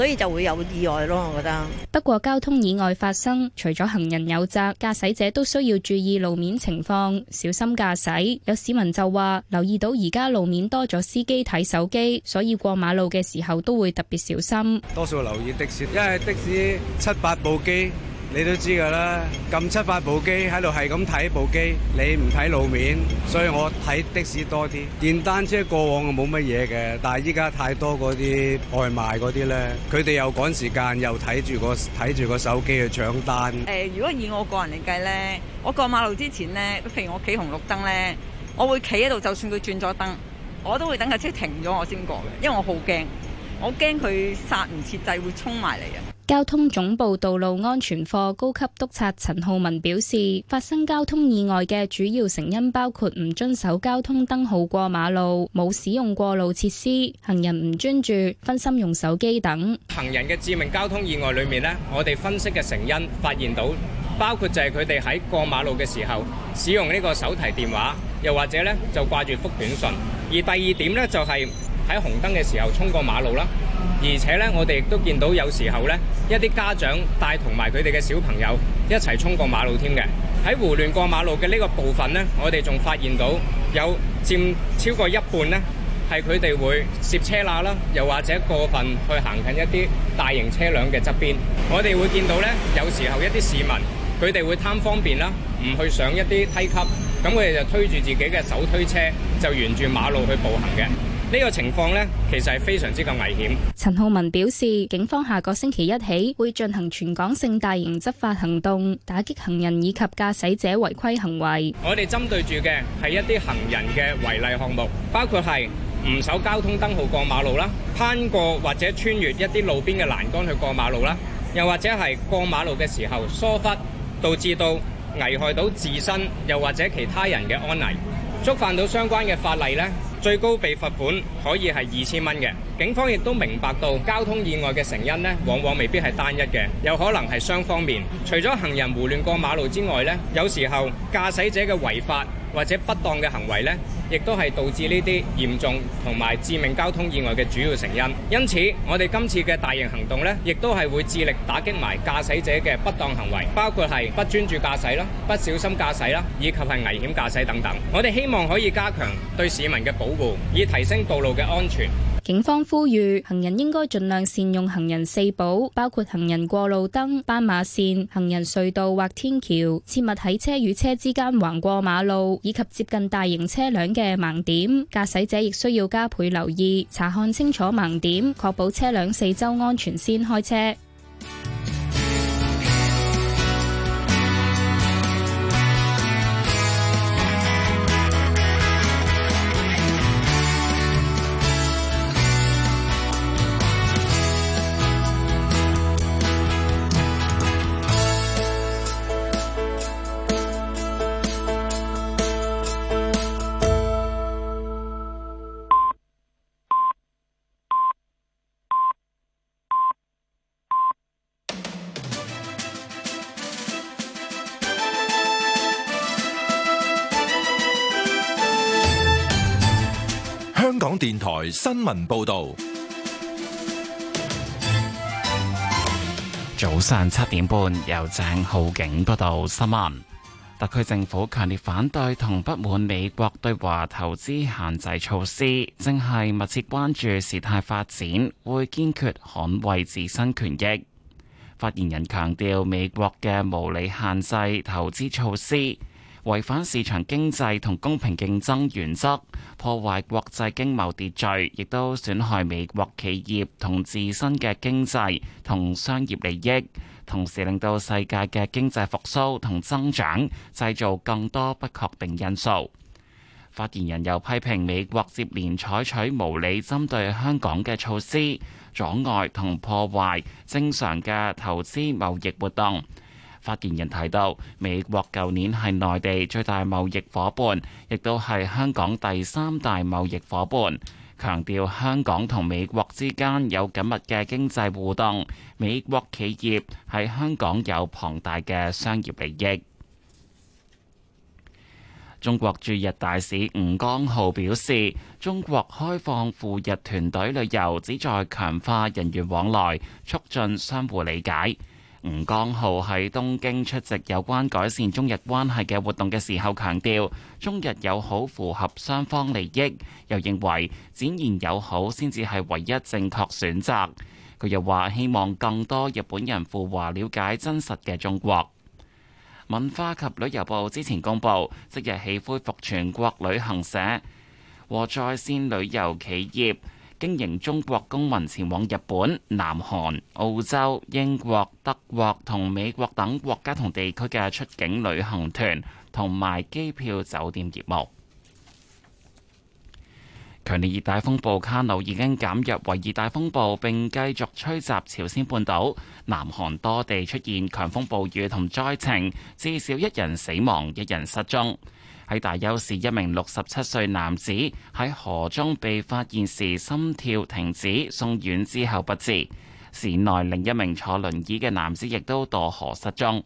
所以就會有意外咯，我覺得。不過交通意外發生，除咗行人有責，駕駛者都需要注意路面情況，小心駕駛。有市民就話留意到而家路面多咗司機睇手機，所以過馬路嘅時候都會特別小心。多數留意的，的士，因為的士七八部機。你都知㗎啦，撳七八部機喺度，係咁睇部機，你唔睇路面，所以我睇的士多啲。電單車過往冇乜嘢嘅，但係依家太多嗰啲外賣嗰啲咧，佢哋又趕時間又，又睇住個睇住個手機去搶單。誒、呃，如果以我個人嚟計咧，我過馬路之前咧，譬如我企紅綠燈咧，我會企喺度，就算佢轉咗燈，我都會等架車停咗我先過嘅，因為我好驚，我驚佢剎唔切掣會衝埋嚟啊！交通總部道路安全課高級督察陳浩文表示，發生交通意外嘅主要成因包括唔遵守交通燈號過馬路、冇使用過路設施、行人唔專注、分心用手機等。行人嘅致命交通意外裏面呢，我哋分析嘅成因發現到，包括就係佢哋喺過馬路嘅時候使用呢個手提電話，又或者呢就掛住覆短訊。而第二點呢就係、是。喺紅燈嘅時候衝過馬路啦，而且呢，我哋亦都見到有時候呢，一啲家長帶同埋佢哋嘅小朋友一齊衝過馬路添嘅。喺胡亂過馬路嘅呢個部分呢，我哋仲發現到有佔超過一半呢，係佢哋會攝車罅啦，又或者過分去行近一啲大型車輛嘅側邊。我哋會見到呢，有時候一啲市民佢哋會貪方便啦，唔去上一啲梯級，咁佢哋就推住自己嘅手推車就沿住馬路去步行嘅。呢個情況咧，其實係非常之咁危險。陳浩文表示，警方下個星期一起會進行全港性大型執法行動，打擊行人以及駕駛者違規行為。我哋針對住嘅係一啲行人嘅違例項目，包括係唔守交通燈號過馬路啦，攀過或者穿越一啲路邊嘅欄杆去過馬路啦，又或者係過馬路嘅時候疏忽，導致到危害到自身又或者其他人嘅安危，觸犯到相關嘅法例呢。最高被罰款可以係二千蚊嘅。警方亦都明白到交通意外嘅成因呢，往往未必係單一嘅，有可能係雙方面。除咗行人胡亂過馬路之外呢，有時候駕駛者嘅違法或者不當嘅行為呢，亦都係導致呢啲嚴重同埋致命交通意外嘅主要成因。因此，我哋今次嘅大型行動呢，亦都係會致力打擊埋駕駛者嘅不當行為，包括係不專注駕駛啦、不小心駕駛啦，以及係危險駕駛等等。我哋希望可以加強對市民嘅保護。以提升道路嘅安全。警方呼籲行人應該盡量善用行人四寶，包括行人過路燈、斑馬線、行人隧道或天橋，切勿喺車與車之間橫過馬路，以及接近大型車輛嘅盲點。駕駛者亦需要加倍留意，查看清楚盲點，確保車輛四周安全先開車。電台新聞報道，早上七點半由鄭浩景報道新聞。特區政府強烈反對同不滿美國對華投資限制措施，正係密切關注事態發展，會堅決捍衛自身權益。發言人強調，美國嘅無理限制投資措施，違反市場經濟同公平競爭原則，破壞國際經貿秩序，亦都損害美國企業同自身嘅經濟同商業利益，同時令到世界嘅經濟復甦同增長，製造更多不確定因素。發言人又批評美國接連採取無理針對香港嘅措施，阻礙同破壞正常嘅投資貿易活動。發言人提到，美國舊年係內地最大貿易伙伴，亦都係香港第三大貿易伙伴。強調香港同美國之間有緊密嘅經濟互動，美國企業喺香港有龐大嘅商業利益。中國駐日大使吳江浩表示，中國開放赴日團隊旅遊，旨在強化人員往來，促進相互理解。吳江浩喺東京出席有關改善中日關係嘅活動嘅時候強調，強調中日友好符合雙方利益，又認為展現友好先至係唯一正確選擇。佢又話希望更多日本人赴華了解真實嘅中國。文化及旅遊部之前公布，即日起恢復全國旅行社和在綫旅遊企業。經營中國公民前往日本、南韓、澳洲、英國、德國同美國等國家同地區嘅出境旅行團同埋機票酒店業務。強烈熱帶風暴卡努已經減弱為熱帶風暴，並繼續吹襲朝鮮半島。南韓多地出現強風暴雨同災情，至少一人死亡，一人失蹤。喺大邱市，一名六十七歲男子喺河中被發現時心跳停止，送院之後不治。市內另一名坐輪椅嘅男子亦都墮河失蹤。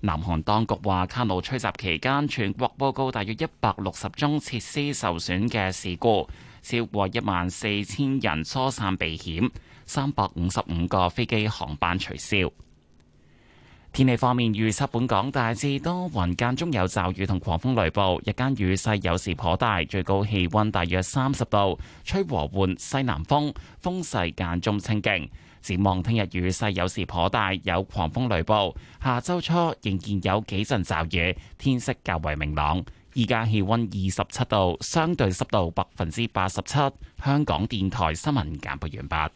南韓當局話，卡努吹襲期間，全國報告大約一百六十宗設施受損嘅事故，超過一萬四千人疏散避險，三百五十五個飛機航班取消。天氣方面預測，本港大致多雲間中有驟雨同狂風雷暴，日間雨勢有時頗大，最高氣溫大約三十度，吹和緩西南風，風勢間中清勁。展望聽日雨勢有時頗大，有狂風雷暴，下周初仍然有幾陣驟雨，天色較為明朗。依家氣溫二十七度，相對濕度百分之八十七。香港電台新聞簡報完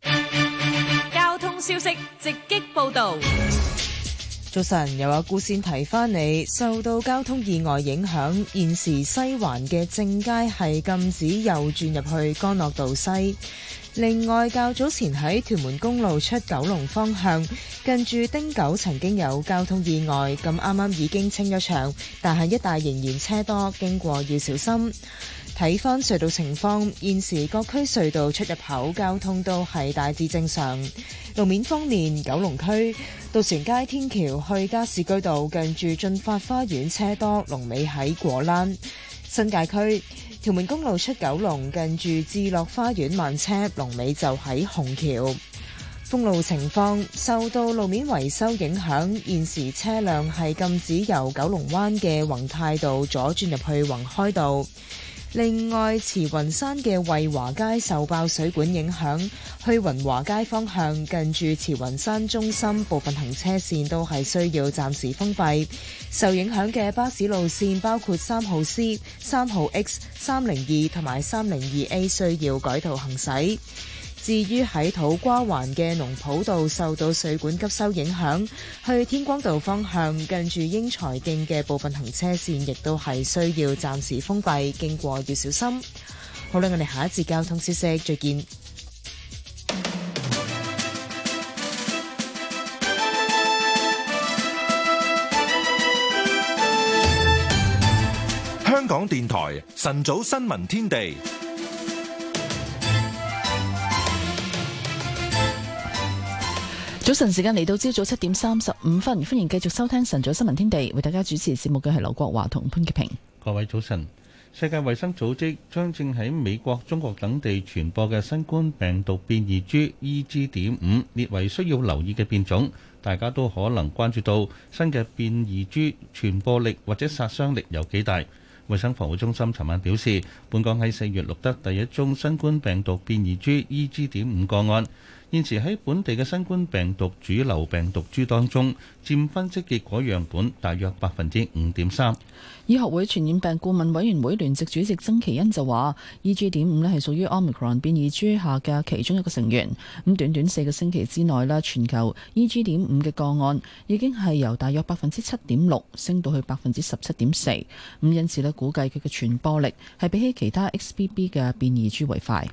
畢。交通消息直擊報道。早晨，又有嘢先提翻你，受到交通意外影響，現時西環嘅正街係禁止右轉入去干諾道西。另外，較早前喺屯門公路出九龍方向近住汀九曾經有交通意外，咁啱啱已經清咗場，但係一帶仍然車多，經過要小心。睇翻隧道情況，現時各區隧道出入口交通都係大致正常。路面方面，九龍區渡船街天橋去加士居道近住進發花園車多，龍尾喺果欄；新界區屯門公路出九龍近住置樂花園慢車，龍尾就喺紅橋。封路情況受到路面維修影響，現時車輛係禁止由九龍灣嘅宏泰道左轉入去宏開道。另外，慈雲山嘅惠華街受爆水管影響，去雲華街方向近住慈雲山中心部分行車線都係需要暫時封閉。受影響嘅巴士路綫包括三號 C、三號 X、三零二同埋三零二 A，需要改道行駛。至於喺土瓜灣嘅農圃道受到水管急修影響，去天光道方向近住英才徑嘅部分行車線，亦都係需要暫時封閉，經過要小心。好啦，我哋下一節交通消息，再見。香港電台晨早新聞天地。早晨時間嚟到朝早七點三十五分，歡迎繼續收聽晨早新聞天地，為大家主持節目嘅係劉國華同潘潔平。各位早晨，世界衛生組織將正喺美國、中國等地傳播嘅新冠病毒變異株 E.G. 點五列為需要留意嘅變種，大家都可能關注到新嘅變異株傳播力或者殺傷力有幾大。衛生防護中心尋晚表示，本港喺四月錄得第一宗新冠病毒變異株 E.G. 點五個案。現時喺本地嘅新冠病毒主流病毒株當中，佔分析結果樣本大約百分之五點三。醫學會傳染病顧問委員會聯席主席曾奇恩就話，EG 點五咧係屬於 Omicron 變異株下嘅其中一個成員。咁短短四個星期之內啦，全球 EG 點五嘅個案已經係由大約百分之七點六升到去百分之十七點四。咁因此咧，估計佢嘅傳播力係比起其他 XBB 嘅變異株為快。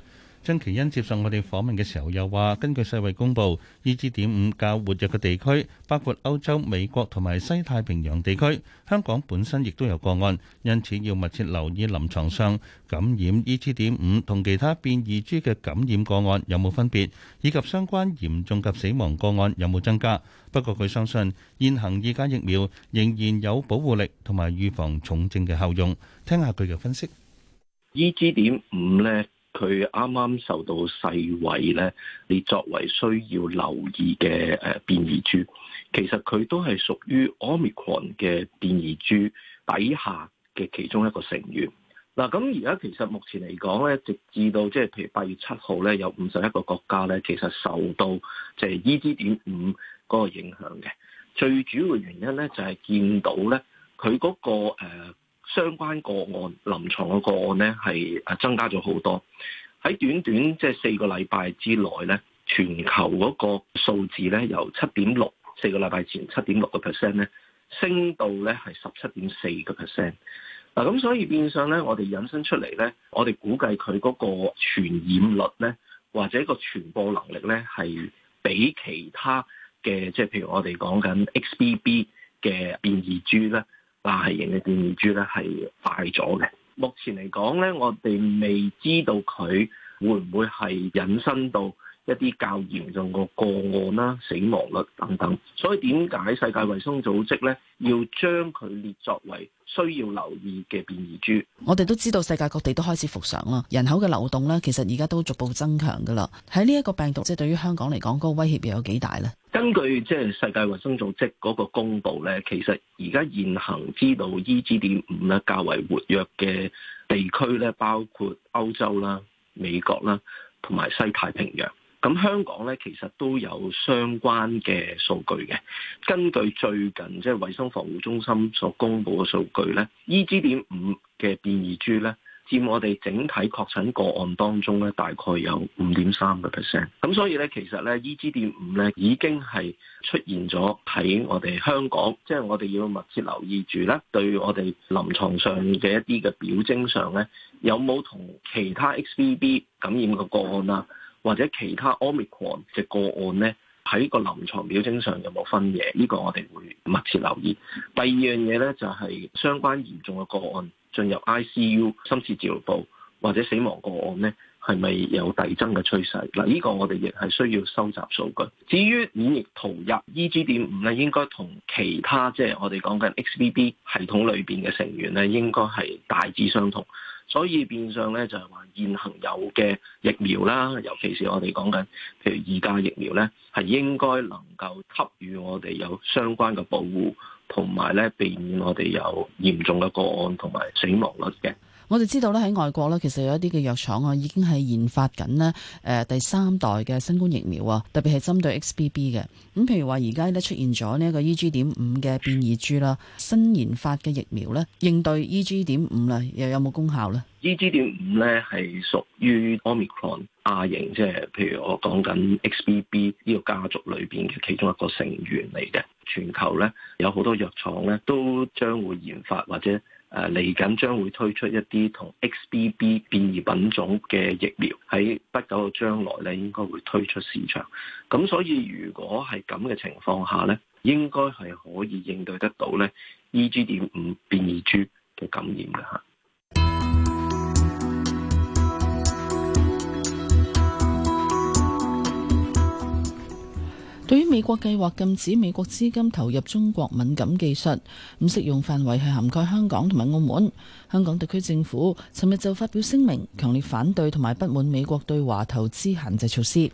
張綺欣接受我哋訪問嘅時候又話，根據世衛公布，E.G. 點五較活躍嘅地區包括歐洲、美國同埋西太平洋地區，香港本身亦都有個案，因此要密切留意臨床上感染 E.G. 點五同其他變異株嘅感染個案有冇分別，以及相關嚴重及死亡個案有冇增加。不過佢相信現行二價疫苗仍然有保護力同埋預防重症嘅效用。聽下佢嘅分析，E.G. 點五呢。佢啱啱受到世衛咧，你作為需要留意嘅，誒、呃、變異株，其實佢都係屬於 Omicron 嘅變異株底下嘅其中一個成員。嗱、啊，咁而家其實目前嚟講咧，直至到即係譬如八月七號咧，有五十一個國家咧，其實受到即係 E.G. 點五嗰個影響嘅，最主要嘅原因咧就係、是、見到咧佢嗰個、呃相關個案、臨床嘅個案咧，係增加咗好多。喺短短即係、就是、四個禮拜之內咧，全球嗰個數字咧由七點六四個禮拜前七點六個 percent 咧，升到咧係十七點四個 percent。嗱，咁所以變相咧，我哋引申出嚟咧，我哋估計佢嗰個傳染率咧，或者個傳播能力咧，係比其他嘅，即係譬如我哋講緊 XBB 嘅變異株咧。啊、大型嘅電電珠咧係快咗嘅，目前嚟講咧，我哋未知道佢會唔會係引申到。一啲較嚴重個個案啦，死亡率等等，所以點解世界衞生組織咧要將佢列作為需要留意嘅變異株？我哋都知道世界各地都開始復常啦，人口嘅流動咧，其實而家都逐步增強噶啦。喺呢一個病毒，即係對於香港嚟講，嗰個威脅又有幾大咧？根據即係世界衞生組織嗰個公佈咧，其實而家現行知道 E.G. 點五咧較為活躍嘅地區咧，包括歐洲啦、美國啦同埋西太平洋。咁香港咧，其實都有相關嘅數據嘅。根據最近即係衛生防護中心所公布嘅數據咧，E.G. 點五嘅變異株咧，佔我哋整體確診個案當中咧，大概有五點三個 percent。咁所以咧，其實咧 E.G. 點五咧已經係出現咗喺我哋香港，即係我哋要密切留意住啦，對我哋臨床上嘅一啲嘅表徵上咧，有冇同其他 X.B.B 感染嘅個案啦？或者其他 omicron 嘅個案咧，喺個臨床表徵上有冇分野？呢、這個我哋會密切留意。第二樣嘢咧，就係、是、相關嚴重嘅個案進入 ICU 深切治療部或者死亡個案咧，係咪有遞增嘅趨勢？嗱，呢個我哋亦係需要收集數據。至於五亦逃入 EG. 點五咧，應該同其他即係我哋講緊 XBB 系統裏邊嘅成員咧，應該係大致相同。所以變相咧就係、是、話現行有嘅疫苗啦，尤其是我哋講緊譬如二價疫苗咧，係應該能夠給予我哋有相關嘅保護，同埋咧避免我哋有嚴重嘅個案同埋死亡率嘅。我哋知道咧喺外國咧，其實有一啲嘅藥廠啊，已經係研發緊咧，誒第三代嘅新冠疫苗啊，特別係針對 XBB 嘅。咁譬如話而家咧出現咗呢一個 EG 點五嘅變異株啦，新研發嘅疫苗咧應對 EG 點五啦，又有冇功效咧？EG 點五咧係屬於 Omicron 亞型，即係譬如我講緊 XBB 呢個家族裏邊嘅其中一個成員嚟嘅。全球咧有好多藥廠咧都將會研發或者。誒嚟緊將會推出一啲同 XBB 變異品種嘅疫苗，喺不久嘅將來咧，應該會推出市場。咁所以如果係咁嘅情況下咧，應該係可以應對得到咧 EG. 點五變異株嘅感染嘅吓。對於美國計劃禁止美國資金投入中國敏感技術，唔適用範圍係涵蓋香港同埋澳門。香港特區政府尋日就發表聲明，強烈反對同埋不滿美國對華投資限制措施。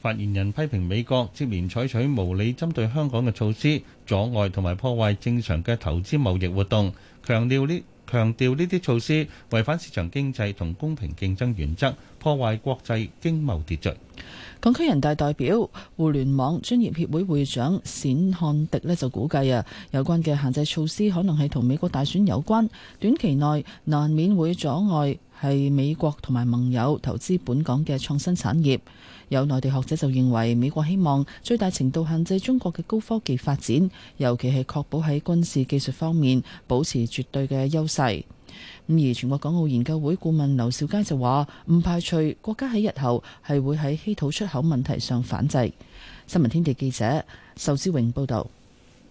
發言人批評美國接連採取無理針對香港嘅措施，阻礙同埋破壞正常嘅投資貿易活動，強調呢，強調呢啲措施違反市場經濟同公平競爭原則，破壞國際經貿秩序。港區人大代表、互聯網專業協會會長冼漢迪呢就估計啊，有關嘅限制措施可能係同美國大選有關，短期內難免會阻礙係美國同埋盟友投資本港嘅創新產業。有內地學者就認為，美國希望最大程度限制中國嘅高科技發展，尤其係確保喺軍事技術方面保持絕對嘅優勢。咁而全國港澳研究會顧問劉兆佳就話：唔排除國家喺日後係會喺稀土出口問題上反制。新聞天地記者仇之榮報道。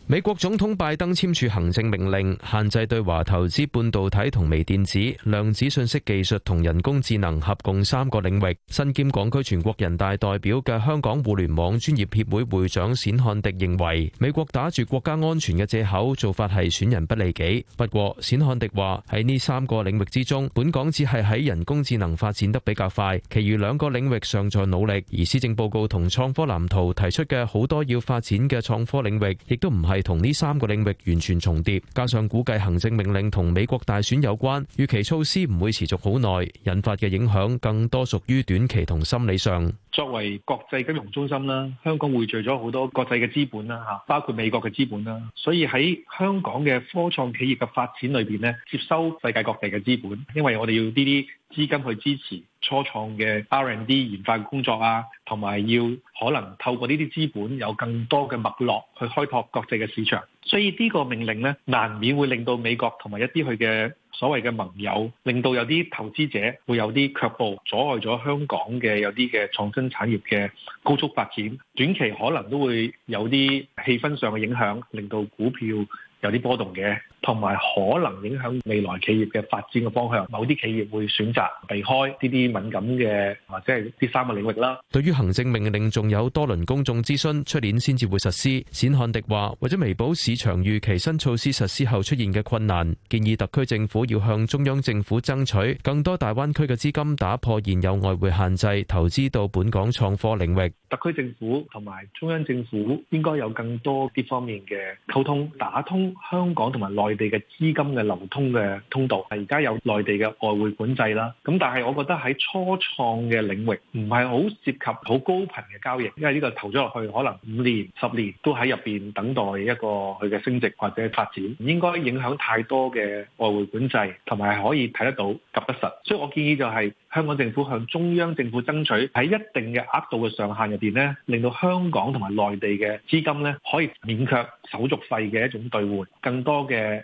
美國總統拜登簽署行政命令，限制對華投資半導體同微電子、量子信息技術同人工智能合共三個領域。身兼港區全國人大代表嘅香港互聯網專業協會會長冼漢迪認為，美國打住國家安全嘅借口做法係損人不利己。不過，冼漢迪話喺呢三個領域之中，本港只係喺人工智能發展得比較快，其餘兩個領域尚在努力。而施政報告同創科藍圖提出嘅好多要發展嘅創科領域，亦都唔係係同呢三個領域完全重疊，加上估計行政命令同美國大選有關，預期措施唔會持續好耐，引發嘅影響更多屬於短期同心理上。作為國際金融中心啦，香港匯聚咗好多國際嘅資本啦，吓包括美國嘅資本啦，所以喺香港嘅科創企業嘅發展裏邊咧，接收世界各地嘅資本，因為我哋要呢啲。資金去支持初創嘅 R&D 研發工作啊，同埋要可能透過呢啲資本有更多嘅脈絡去開拓國際嘅市場，所以呢個命令咧，難免會令到美國同埋一啲佢嘅所謂嘅盟友，令到有啲投資者會有啲卻步，阻礙咗香港嘅有啲嘅創新產業嘅高速發展，短期可能都會有啲氣氛上嘅影響，令到股票有啲波動嘅。同埋可能影響未來企業嘅發展嘅方向，某啲企業會選擇避開呢啲敏感嘅，或者係呢三個領域啦。對於行政命令仲有多輪公眾諮詢出年先至會實施。冼漢迪話，為咗彌補市場預期新措施實施後出現嘅困難，建議特區政府要向中央政府爭取更多大灣區嘅資金，打破現有外匯限制，投資到本港創科領域。特區政府同埋中央政府應該有更多啲方面嘅溝通，打通香港同埋內。地嘅資金嘅流通嘅通道，而家有內地嘅外匯管制啦。咁但係我覺得喺初創嘅領域，唔係好涉及好高頻嘅交易，因為呢個投咗落去，可能五年、十年都喺入邊等待一個佢嘅升值或者發展，唔應該影響太多嘅外匯管制，同埋可以睇得到及得實。所以我建議就係、是、香港政府向中央政府爭取喺一定嘅額度嘅上限入邊咧，令到香港同埋內地嘅資金咧可以免卻手續費嘅一種兌換，更多嘅。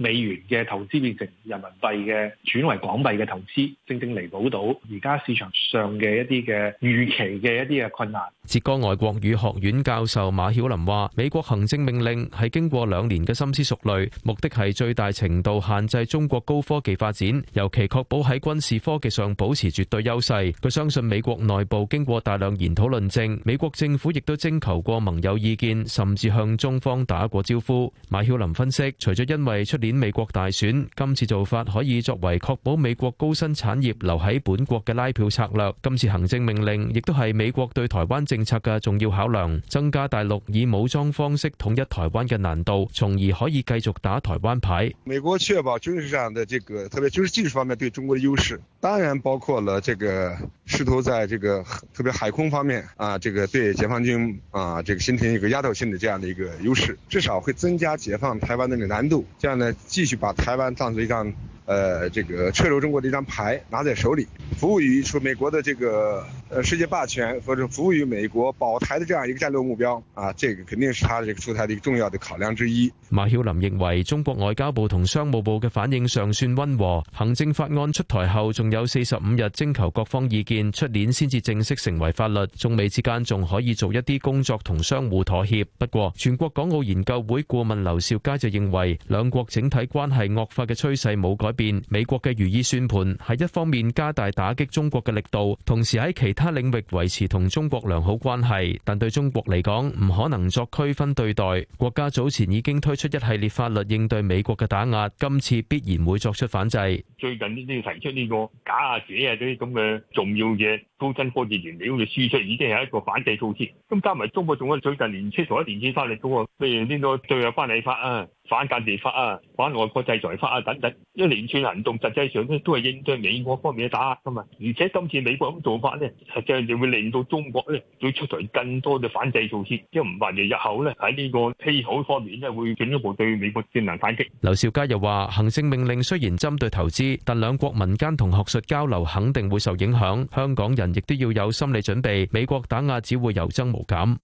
美元嘅投資變成人民幣嘅轉為港幣嘅投資，正正彌補到而家市場上嘅一啲嘅預期嘅一啲嘅困難。浙江外國語學院教授馬曉林話，美國行政命令係經過兩年嘅深思熟慮，目的係最大程度限制中國高科技發展，尤其確保喺軍事科技上保持絕對優勢。佢相信美國內部經過大量研討論證，美國政府亦都徵求過盟友意見，甚至向中方打過招呼。馬曉林分析，除咗因為出年，美國大選今次做法可以作為確保美國高新產業留喺本國嘅拉票策略。今次行政命令亦都係美國對台灣政策嘅重要考量，增加大陸以武裝方式統一台灣嘅難度，從而可以繼續打台灣牌。美國確保軍事上的這個，特別軍事技術方面對中國嘅優勢，當然包括了這個試圖在這個特別海空方面啊，這個對解放軍啊，這個形成一個壓倒性的這樣的一個優勢，至少會增加解放台灣嘅難度。這樣呢，繼續把台灣當成一象。.呃，這個掣肘中國的一張牌拿在手裏，服務於說美國的這個呃世界霸權，或者服務於美國保台的這樣一個戰略目標啊，這個肯定是他這個出台的一個重要的考量之一。馬曉林認為，中國外交部同商務部嘅反應尚算溫和。行政法案出台後，仲有四十五日徵求各方意見，出年先至正式成為法律。中美之間仲可以做一啲工作同相互妥協。不過，全國港澳研究會顧問劉少佳就認為，兩國整體關係惡化嘅趨勢冇改變。美國嘅如意算盤係一方面加大打擊中國嘅力度，同時喺其他領域維持同中國良好關係。但對中國嚟講，唔可能作區分對待。國家早前已經推出一系列法律應對美國嘅打壓，今次必然會作出反制。最近呢啲提出呢個假啊者啊啲咁嘅重要嘅高新科技原料嘅輸出，已經係一個反制措施。咁加埋中國仲可以最近年出咗電子翻嚟噶啊，譬如呢個最有翻嚟法啊。反間諜法啊，反外國制裁法啊等等，一連串行動實際上咧都係應對美國方面嘅打壓噶嘛。而且今次美國咁做法呢，咧，實際上就會令到中國呢，會出台更多嘅反制措施，一唔係就日後呢，喺呢個批考方面咧會進一步對美國進行反擊。劉兆佳又話：行政命令雖然針對投資，但兩國民間同學術交流肯定會受影響。香港人亦都要有心理準備，美國打壓只會有增無減。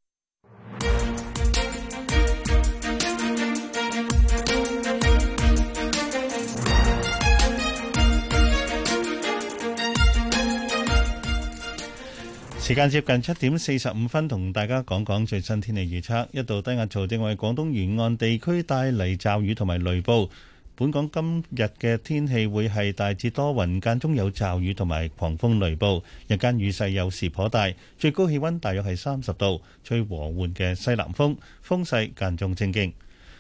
時間接近七點四十五分，同大家講講最新天氣預測。一度低壓槽正為廣東沿岸地區帶嚟驟雨同埋雷暴。本港今日嘅天氣會係大致多雲，間中有驟雨同埋狂風雷暴，日間雨勢有時頗大，最高氣温大約係三十度，吹和緩嘅西南風，風勢間中正勁。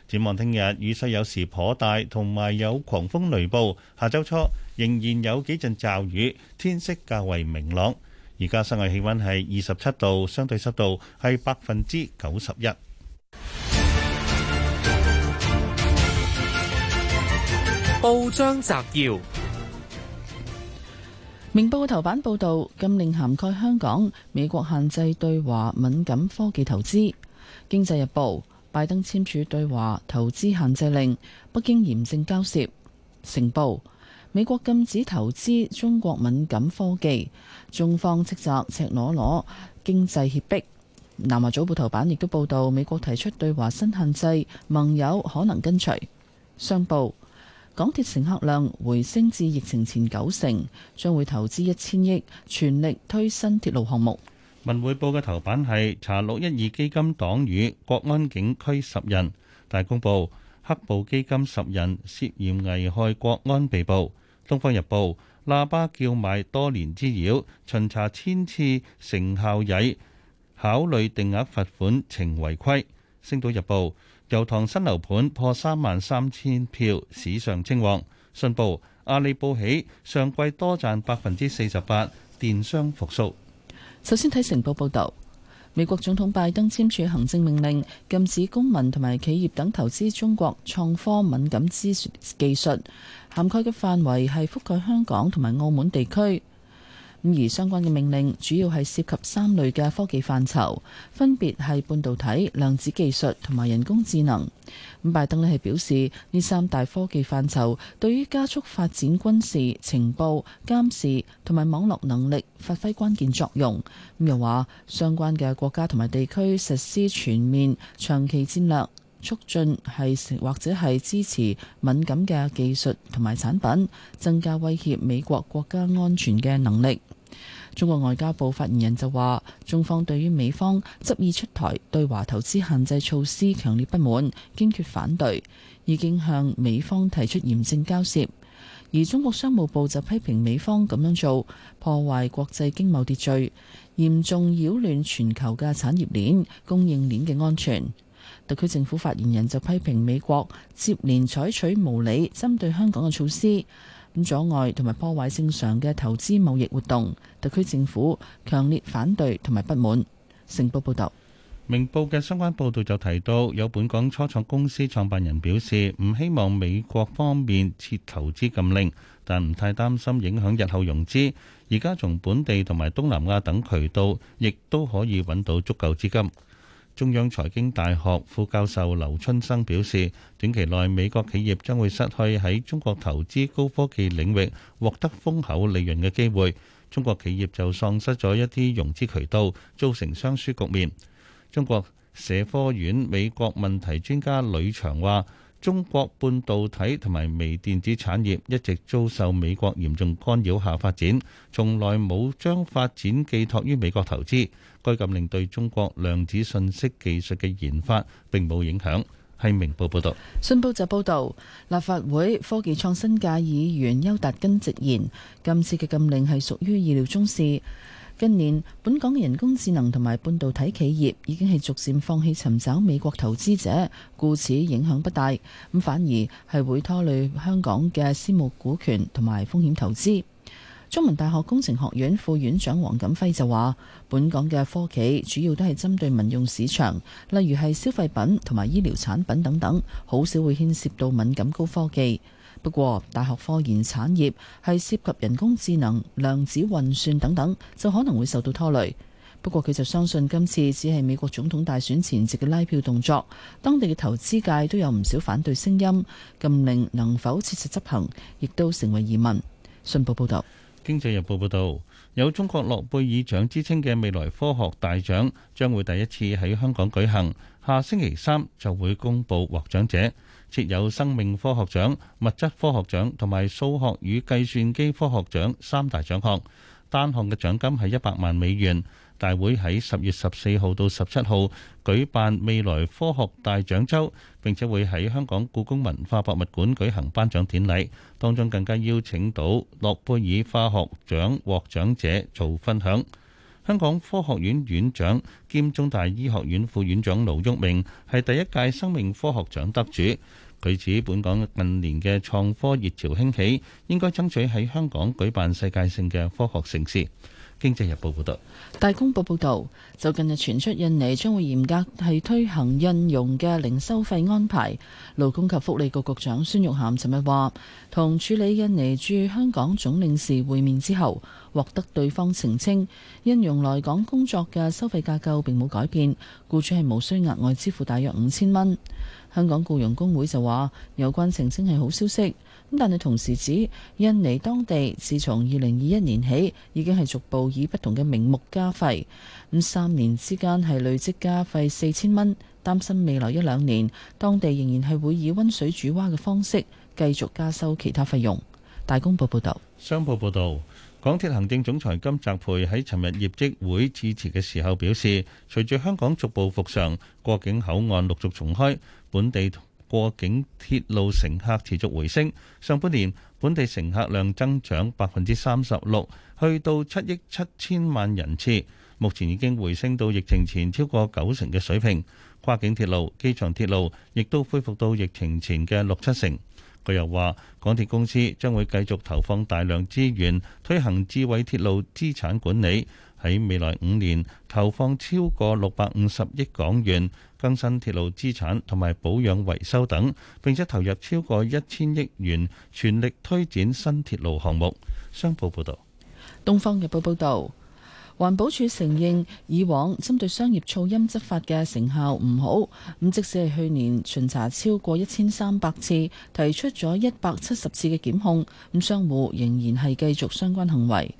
展望聽日，雨勢有時頗大，同埋有狂風雷暴。下周初仍然有幾陣驟雨，天色較為明朗。而家室外氣溫係二十七度，相對濕度係百分之九十一。報章摘要：明報頭版報道，禁令涵蓋香港、美國限制對華敏感科技投資。經濟日報，拜登簽署對華投資限制令，北京嚴正交涉。成報。美國禁止投資中國敏感科技，中方斥責赤裸裸，裸經濟脅迫。南華早報頭版亦都報道，美國提出對華新限制，盟友可能跟隨。商報：港鐵乘客量回升至疫情前九成，將會投資一千億，全力推新鐵路項目。文匯報嘅頭版係查六一二基金黨羽國安警拘十人，大公報：黑暴基金十人涉嫌危害國安被捕。東方日報：喇叭叫賣多年滋擾，巡查千次成效矮，考慮定額罰款懲違規。星島日報：油塘新樓盤破三萬三千票，史上稱王。信報：阿里報喜，上季多賺百分之四十八，電商復甦。首先睇成報報道，美國總統拜登簽署行政命令，禁止公民同埋企業等投資中國創科敏感資技術。涵蓋嘅範圍係覆蓋香港同埋澳門地區，咁而相關嘅命令主要係涉及三類嘅科技範疇，分別係半導體、量子技術同埋人工智能。咁拜登呢係表示呢三大科技範疇對於加速發展軍事、情報監視同埋網絡能力發揮關鍵作用。咁又話相關嘅國家同埋地區實施全面長期戰略。促進係或者係支持敏感嘅技術同埋產品，增加威脅美國國家安全嘅能力。中國外交部發言人就話：中方對於美方執意出台對華投資限制措施強烈不滿，堅決反對，已經向美方提出嚴正交涉。而中國商務部就批評美方咁樣做，破壞國際經貿秩序，嚴重擾亂全球嘅產業鏈、供應鏈嘅安全。特區政府發言人就批評美國接連採取無理針對香港嘅措施，咁阻礙同埋破壞正常嘅投資貿易活動，特區政府強烈反對同埋不滿。成報報道，明報嘅相關報道就提到，有本港初創公司創辦人表示唔希望美國方面設投資禁令，但唔太擔心影響日後融資。而家從本地同埋東南亞等渠道，亦都可以揾到足夠資金。中央財經大學副教授劉春生表示，短期內美國企業將會失去喺中國投資高科技領域獲得豐厚利潤嘅機會，中國企業就喪失咗一啲融資渠道，造成雙輸局面。中國社科院美國問題專家呂翔話，中國半導體同埋微電子產業一直遭受美國嚴重干擾下發展，從來冇將發展寄託於美國投資。該禁令對中國量子信息技術嘅研發並冇影響。係明報報道。信報就報道，立法會科技創新界議員邱達根直言，今次嘅禁令係屬於意料中事。近年，本港嘅人工智能同埋半導體企業已經係逐漸放棄尋找美國投資者，故此影響不大。咁反而係會拖累香港嘅私募股權同埋風險投資。中文大學工程學院副院長黃錦輝就話，本港嘅科企主要都係針對民用市場，例如係消費品同埋醫療產品等等，好少會牽涉到敏感高科技。不過，大學科研產業係涉及人工智能、量子運算等等，就可能會受到拖累。不過，佢就相信今次只係美國總統大選前夕嘅拉票動作。當地嘅投資界都有唔少反對聲音，禁令能否切實執行，亦都成為疑問。信報報道。經濟日報報導，有中國諾貝爾獎之稱嘅未來科學大獎將會第一次喺香港舉行，下星期三就會公布獲獎者，設有生命科學獎、物質科學獎同埋數學與計算機科學獎三大獎項，單項嘅獎金係一百萬美元。大會喺十月十四號到十七號舉辦未來科學大獎周，並且會喺香港故宮文化博物館舉行頒獎典禮，當中更加邀請到諾貝爾化學獎獲獎者做分享。香港科學院院長兼中大醫學院副院長盧煜明係第一屆生命科學獎得主，佢指本港近年嘅創科熱潮興起，應該爭取喺香港舉辦世界性嘅科學盛事。《經濟日報》報導，大公報報導，就近日傳出印尼將會嚴格係推行印傭嘅零收費安排。勞工及福利局局長孫玉菡尋日話，同處理印尼駐香港總領事會面之後，獲得對方澄清，印傭來港工作嘅收費架構並冇改變，雇主係無需額外支付大約五千蚊。香港雇傭工會就話，有關澄清係好消息。但係同時指印尼當地自從二零二一年起已經係逐步以不同嘅名目加費，咁三年之間係累積加費四千蚊，擔心未來一兩年當地仍然係會以溫水煮蛙嘅方式繼續加收其他費用。大公報報道：「商報報導，港鐵行政總裁金澤培喺尋日業績會致辭嘅時候表示，隨住香港逐步復常，過境口岸陸續重開，本地。過境鐵路乘客持續回升，上半年本地乘客量增長百分之三十六，去到七億七千萬人次，目前已經回升到疫情前超過九成嘅水平。跨境鐵路、機場鐵路亦都恢復到疫情前嘅六七成。佢又話港鐵公司將會繼續投放大量資源，推行智慧鐵路資產管理。喺未來五年投放超過六百五十億港元更新鐵路資產同埋保養維修等，並且投入超過一千億元全力推展新鐵路項目。商報報導，東方日報報道：「環保署承認以往針對商業噪音執法嘅成效唔好，咁即使係去年巡查超過一千三百次，提出咗一百七十次嘅檢控，咁商戶仍然係繼續相關行為。」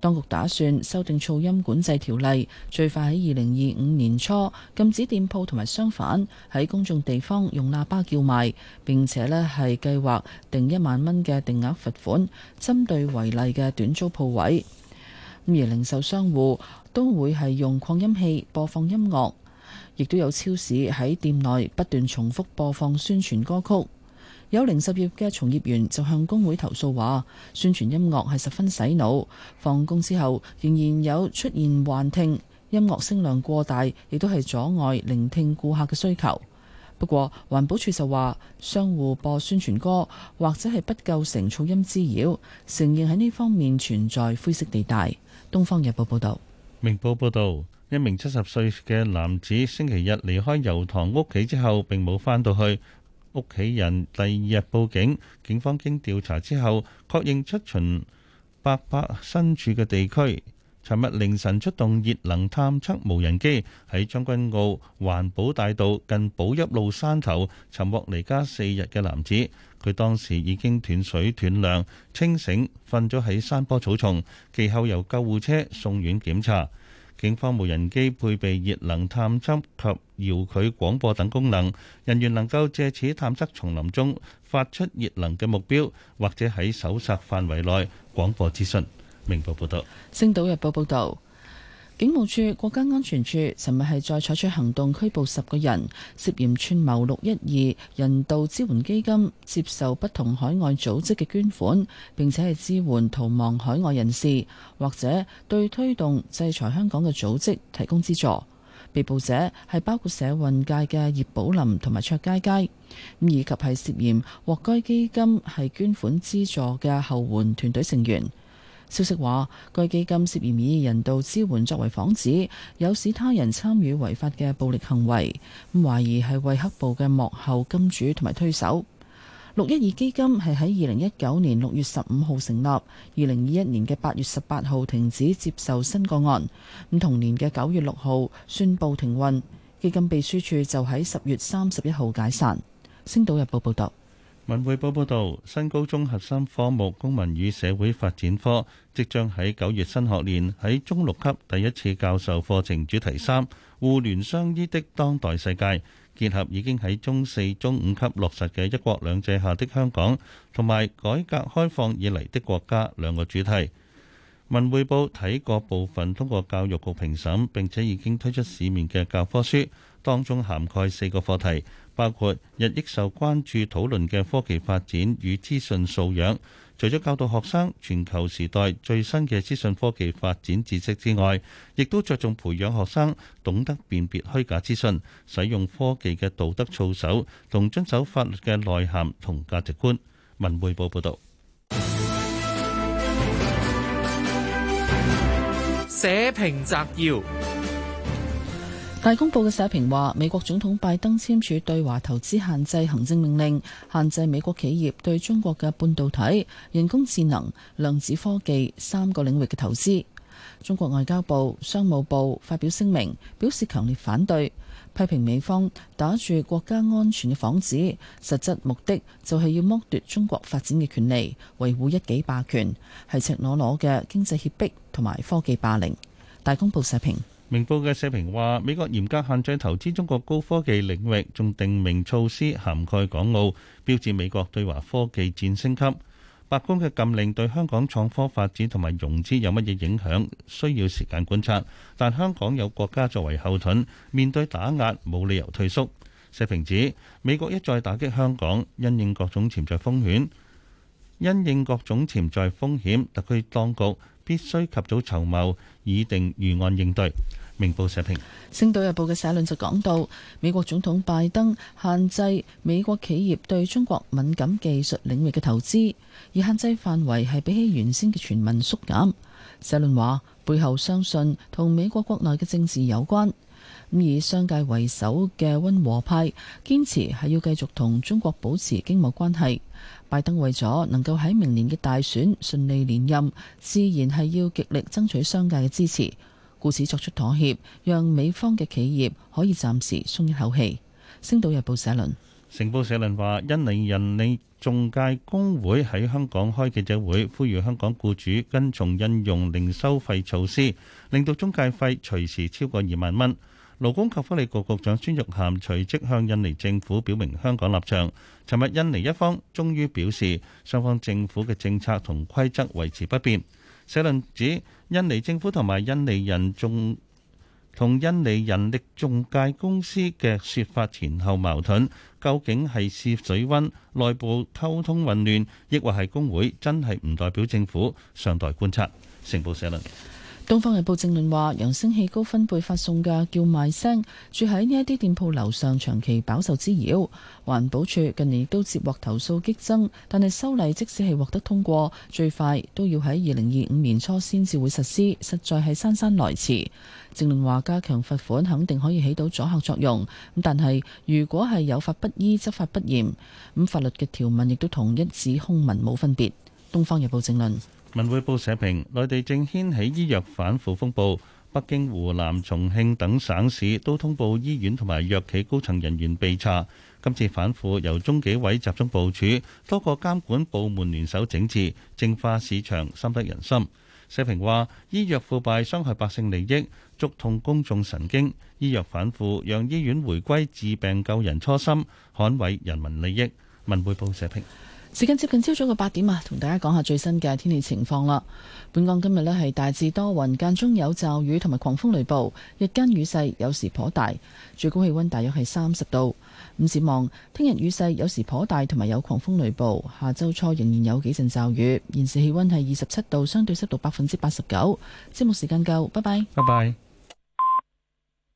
當局打算修訂噪音管制條例，最快喺二零二五年初禁止店鋪同埋商販喺公眾地方用喇叭叫賣，並且呢係計劃定一萬蚊嘅定額罰款，針對違例嘅短租鋪位。而零售商戶都會係用擴音器播放音樂，亦都有超市喺店內不斷重複播放宣傳歌曲。有零售業嘅從業員就向工會投訴話，宣傳音樂係十分洗腦，放工之後仍然有出現幻聽，音樂聲量過大，亦都係阻礙聆聽顧客嘅需求。不過，環保處就話，商戶播宣傳歌或者係不構成噪音滋擾，承認喺呢方面存在灰色地帶。《東方日報》報道。《明報》報道，一名七十歲嘅男子星期日離開油塘屋企之後，並冇返到去。屋企人第二日報警，警方經調查之後確認出巡伯伯身處嘅地區。尋日凌晨出動熱能探測無人機喺將軍澳環保大道近寶邑路山頭尋獲離家四日嘅男子，佢當時已經斷水斷糧，清醒瞓咗喺山坡草叢，其後由救護車送院檢查。警方無人機配備熱能探測及遙距廣播等功能，人員能夠借此探測叢林中發出熱能嘅目標，或者喺搜查範圍內廣播資訊。明報報導，星島日報報道。警務處、國家安全處尋日係再採取行動，拘捕十個人，涉嫌串謀六一二人道支援基金接受不同海外組織嘅捐款，並且係支援逃亡海外人士，或者對推動制裁香港嘅組織提供資助。被捕者係包括社運界嘅葉寶林同埋卓佳佳，以及係涉嫌獲該基金係捐款資助嘅後援團隊成員。消息話，該基金涉嫌以人道支援作為幌子，誘使他人參與違法嘅暴力行為，咁懷疑係為黑暴嘅幕後金主同埋推手。六一二基金係喺二零一九年六月十五號成立，二零二一年嘅八月十八號停止接受新個案，咁同年嘅九月六號宣布停運，基金秘書處就喺十月三十一號解散。星島日報報道。文匯報報道，新高中核心科目公民與社會發展科，即將喺九月新學年喺中六級第一次教授課程主題三：互聯相依的當代世界，結合已經喺中四、中五級落實嘅一國兩制下的香港，同埋改革開放以嚟的國家兩個主題。文匯報睇過部分通過教育局評審，並且已經推出市面嘅教科書，當中涵蓋四個課題。包括日益受關注討論嘅科技發展與資訊素養，除咗教導學生全球時代最新嘅資訊科技發展知識之外，亦都着重培養學生懂得辨別虛假資訊、使用科技嘅道德操守同遵守法律嘅內涵同價值觀。文匯報報導。社評摘要。大公報嘅社評話：美國總統拜登簽署對華投資限制行政命令，限制美國企業對中國嘅半導體、人工智能、量子科技三個領域嘅投資。中國外交部、商務部發表聲明，表示強烈反對，批評美方打住國家安全嘅幌子，實質目的就係要剝奪中國發展嘅權利，維護一己霸權，係赤裸裸嘅經濟脅迫同埋科技霸凌。大公報社評。明報嘅社評話：美國嚴格限制投資中國高科技領域，仲定明措施涵蓋港澳，標誌美國對華科技戰升級。白宮嘅禁令對香港創科發展同埋融資有乜嘢影響？需要時間觀察。但香港有國家作為後盾，面對打壓冇理由退縮。社評指美國一再打擊香港，因應各種潛在風險，因應各種潛在風險，特區當局必須及早籌謀，以定預案應對。明報社評，《星島日報》嘅社論就講到，美國總統拜登限制美國企業對中國敏感技術領域嘅投資，而限制範圍係比起原先嘅全民縮減。社論話，背後相信同美國國內嘅政治有關。咁以商界為首嘅溫和派堅持係要繼續同中國保持經貿關係。拜登為咗能夠喺明年嘅大選順利連任，自然係要極力爭取商界嘅支持。故此作出妥協，讓美方嘅企業可以暫時鬆一口氣。星島日報社論成報社論話印尼人力中介工會喺香港開記者會呼籲香港雇主跟從印傭零收費措施，令到中介費隨時超過二萬蚊。勞工及福利局局,局長孫玉菡隨即向印尼政府表明香港立場，尋日印尼一方終於表示，雙方政府嘅政策同規則維持不變。社論指印尼政府同埋印尼人仲同印尼人力中介公司嘅説法前後矛盾，究竟係試水溫、內部溝通混亂，抑或係工會真係唔代表政府？尚待觀察。成報社論。《東方日報》政論話，揚聲器高分貝發送嘅叫賣聲，住喺呢一啲店鋪樓上，長期飽受滋擾。環保署近年亦都接獲投訴激增，但係修例即使係獲得通過，最快都要喺二零二五年初先至會實施，實在係姍姍來遲。政論話，加強罰款肯定可以起到阻嚇作用，咁但係如果係有法不依、執法不嚴，咁法律嘅條文亦都同一紙空文冇分別。《東方日報》政論。文匯報社評：內地正掀起醫藥反腐風暴，北京、湖南、重慶等省市都通報醫院同埋藥企高層人員被查。今次反腐由中紀委集中部署，多個監管部門聯手整治，淨化市場，深得人心。社評話：醫藥腐敗傷害百姓利益，觸痛公眾神經；醫藥反腐讓醫院回歸治病救人初心，捍衛人民利益。文匯報社評。時間接近朝早嘅八點啊，同大家講下最新嘅天氣情況啦。本港今日呢係大致多雲，間中有驟雨同埋狂風雷暴，日間雨勢有時頗大，最高氣溫大約係三十度。展望，聽日雨勢有時頗大，同埋有狂風雷暴。下周初仍然有幾陣驟雨。現時氣溫係二十七度，相對濕度百分之八十九。節目時間夠，拜拜，拜拜。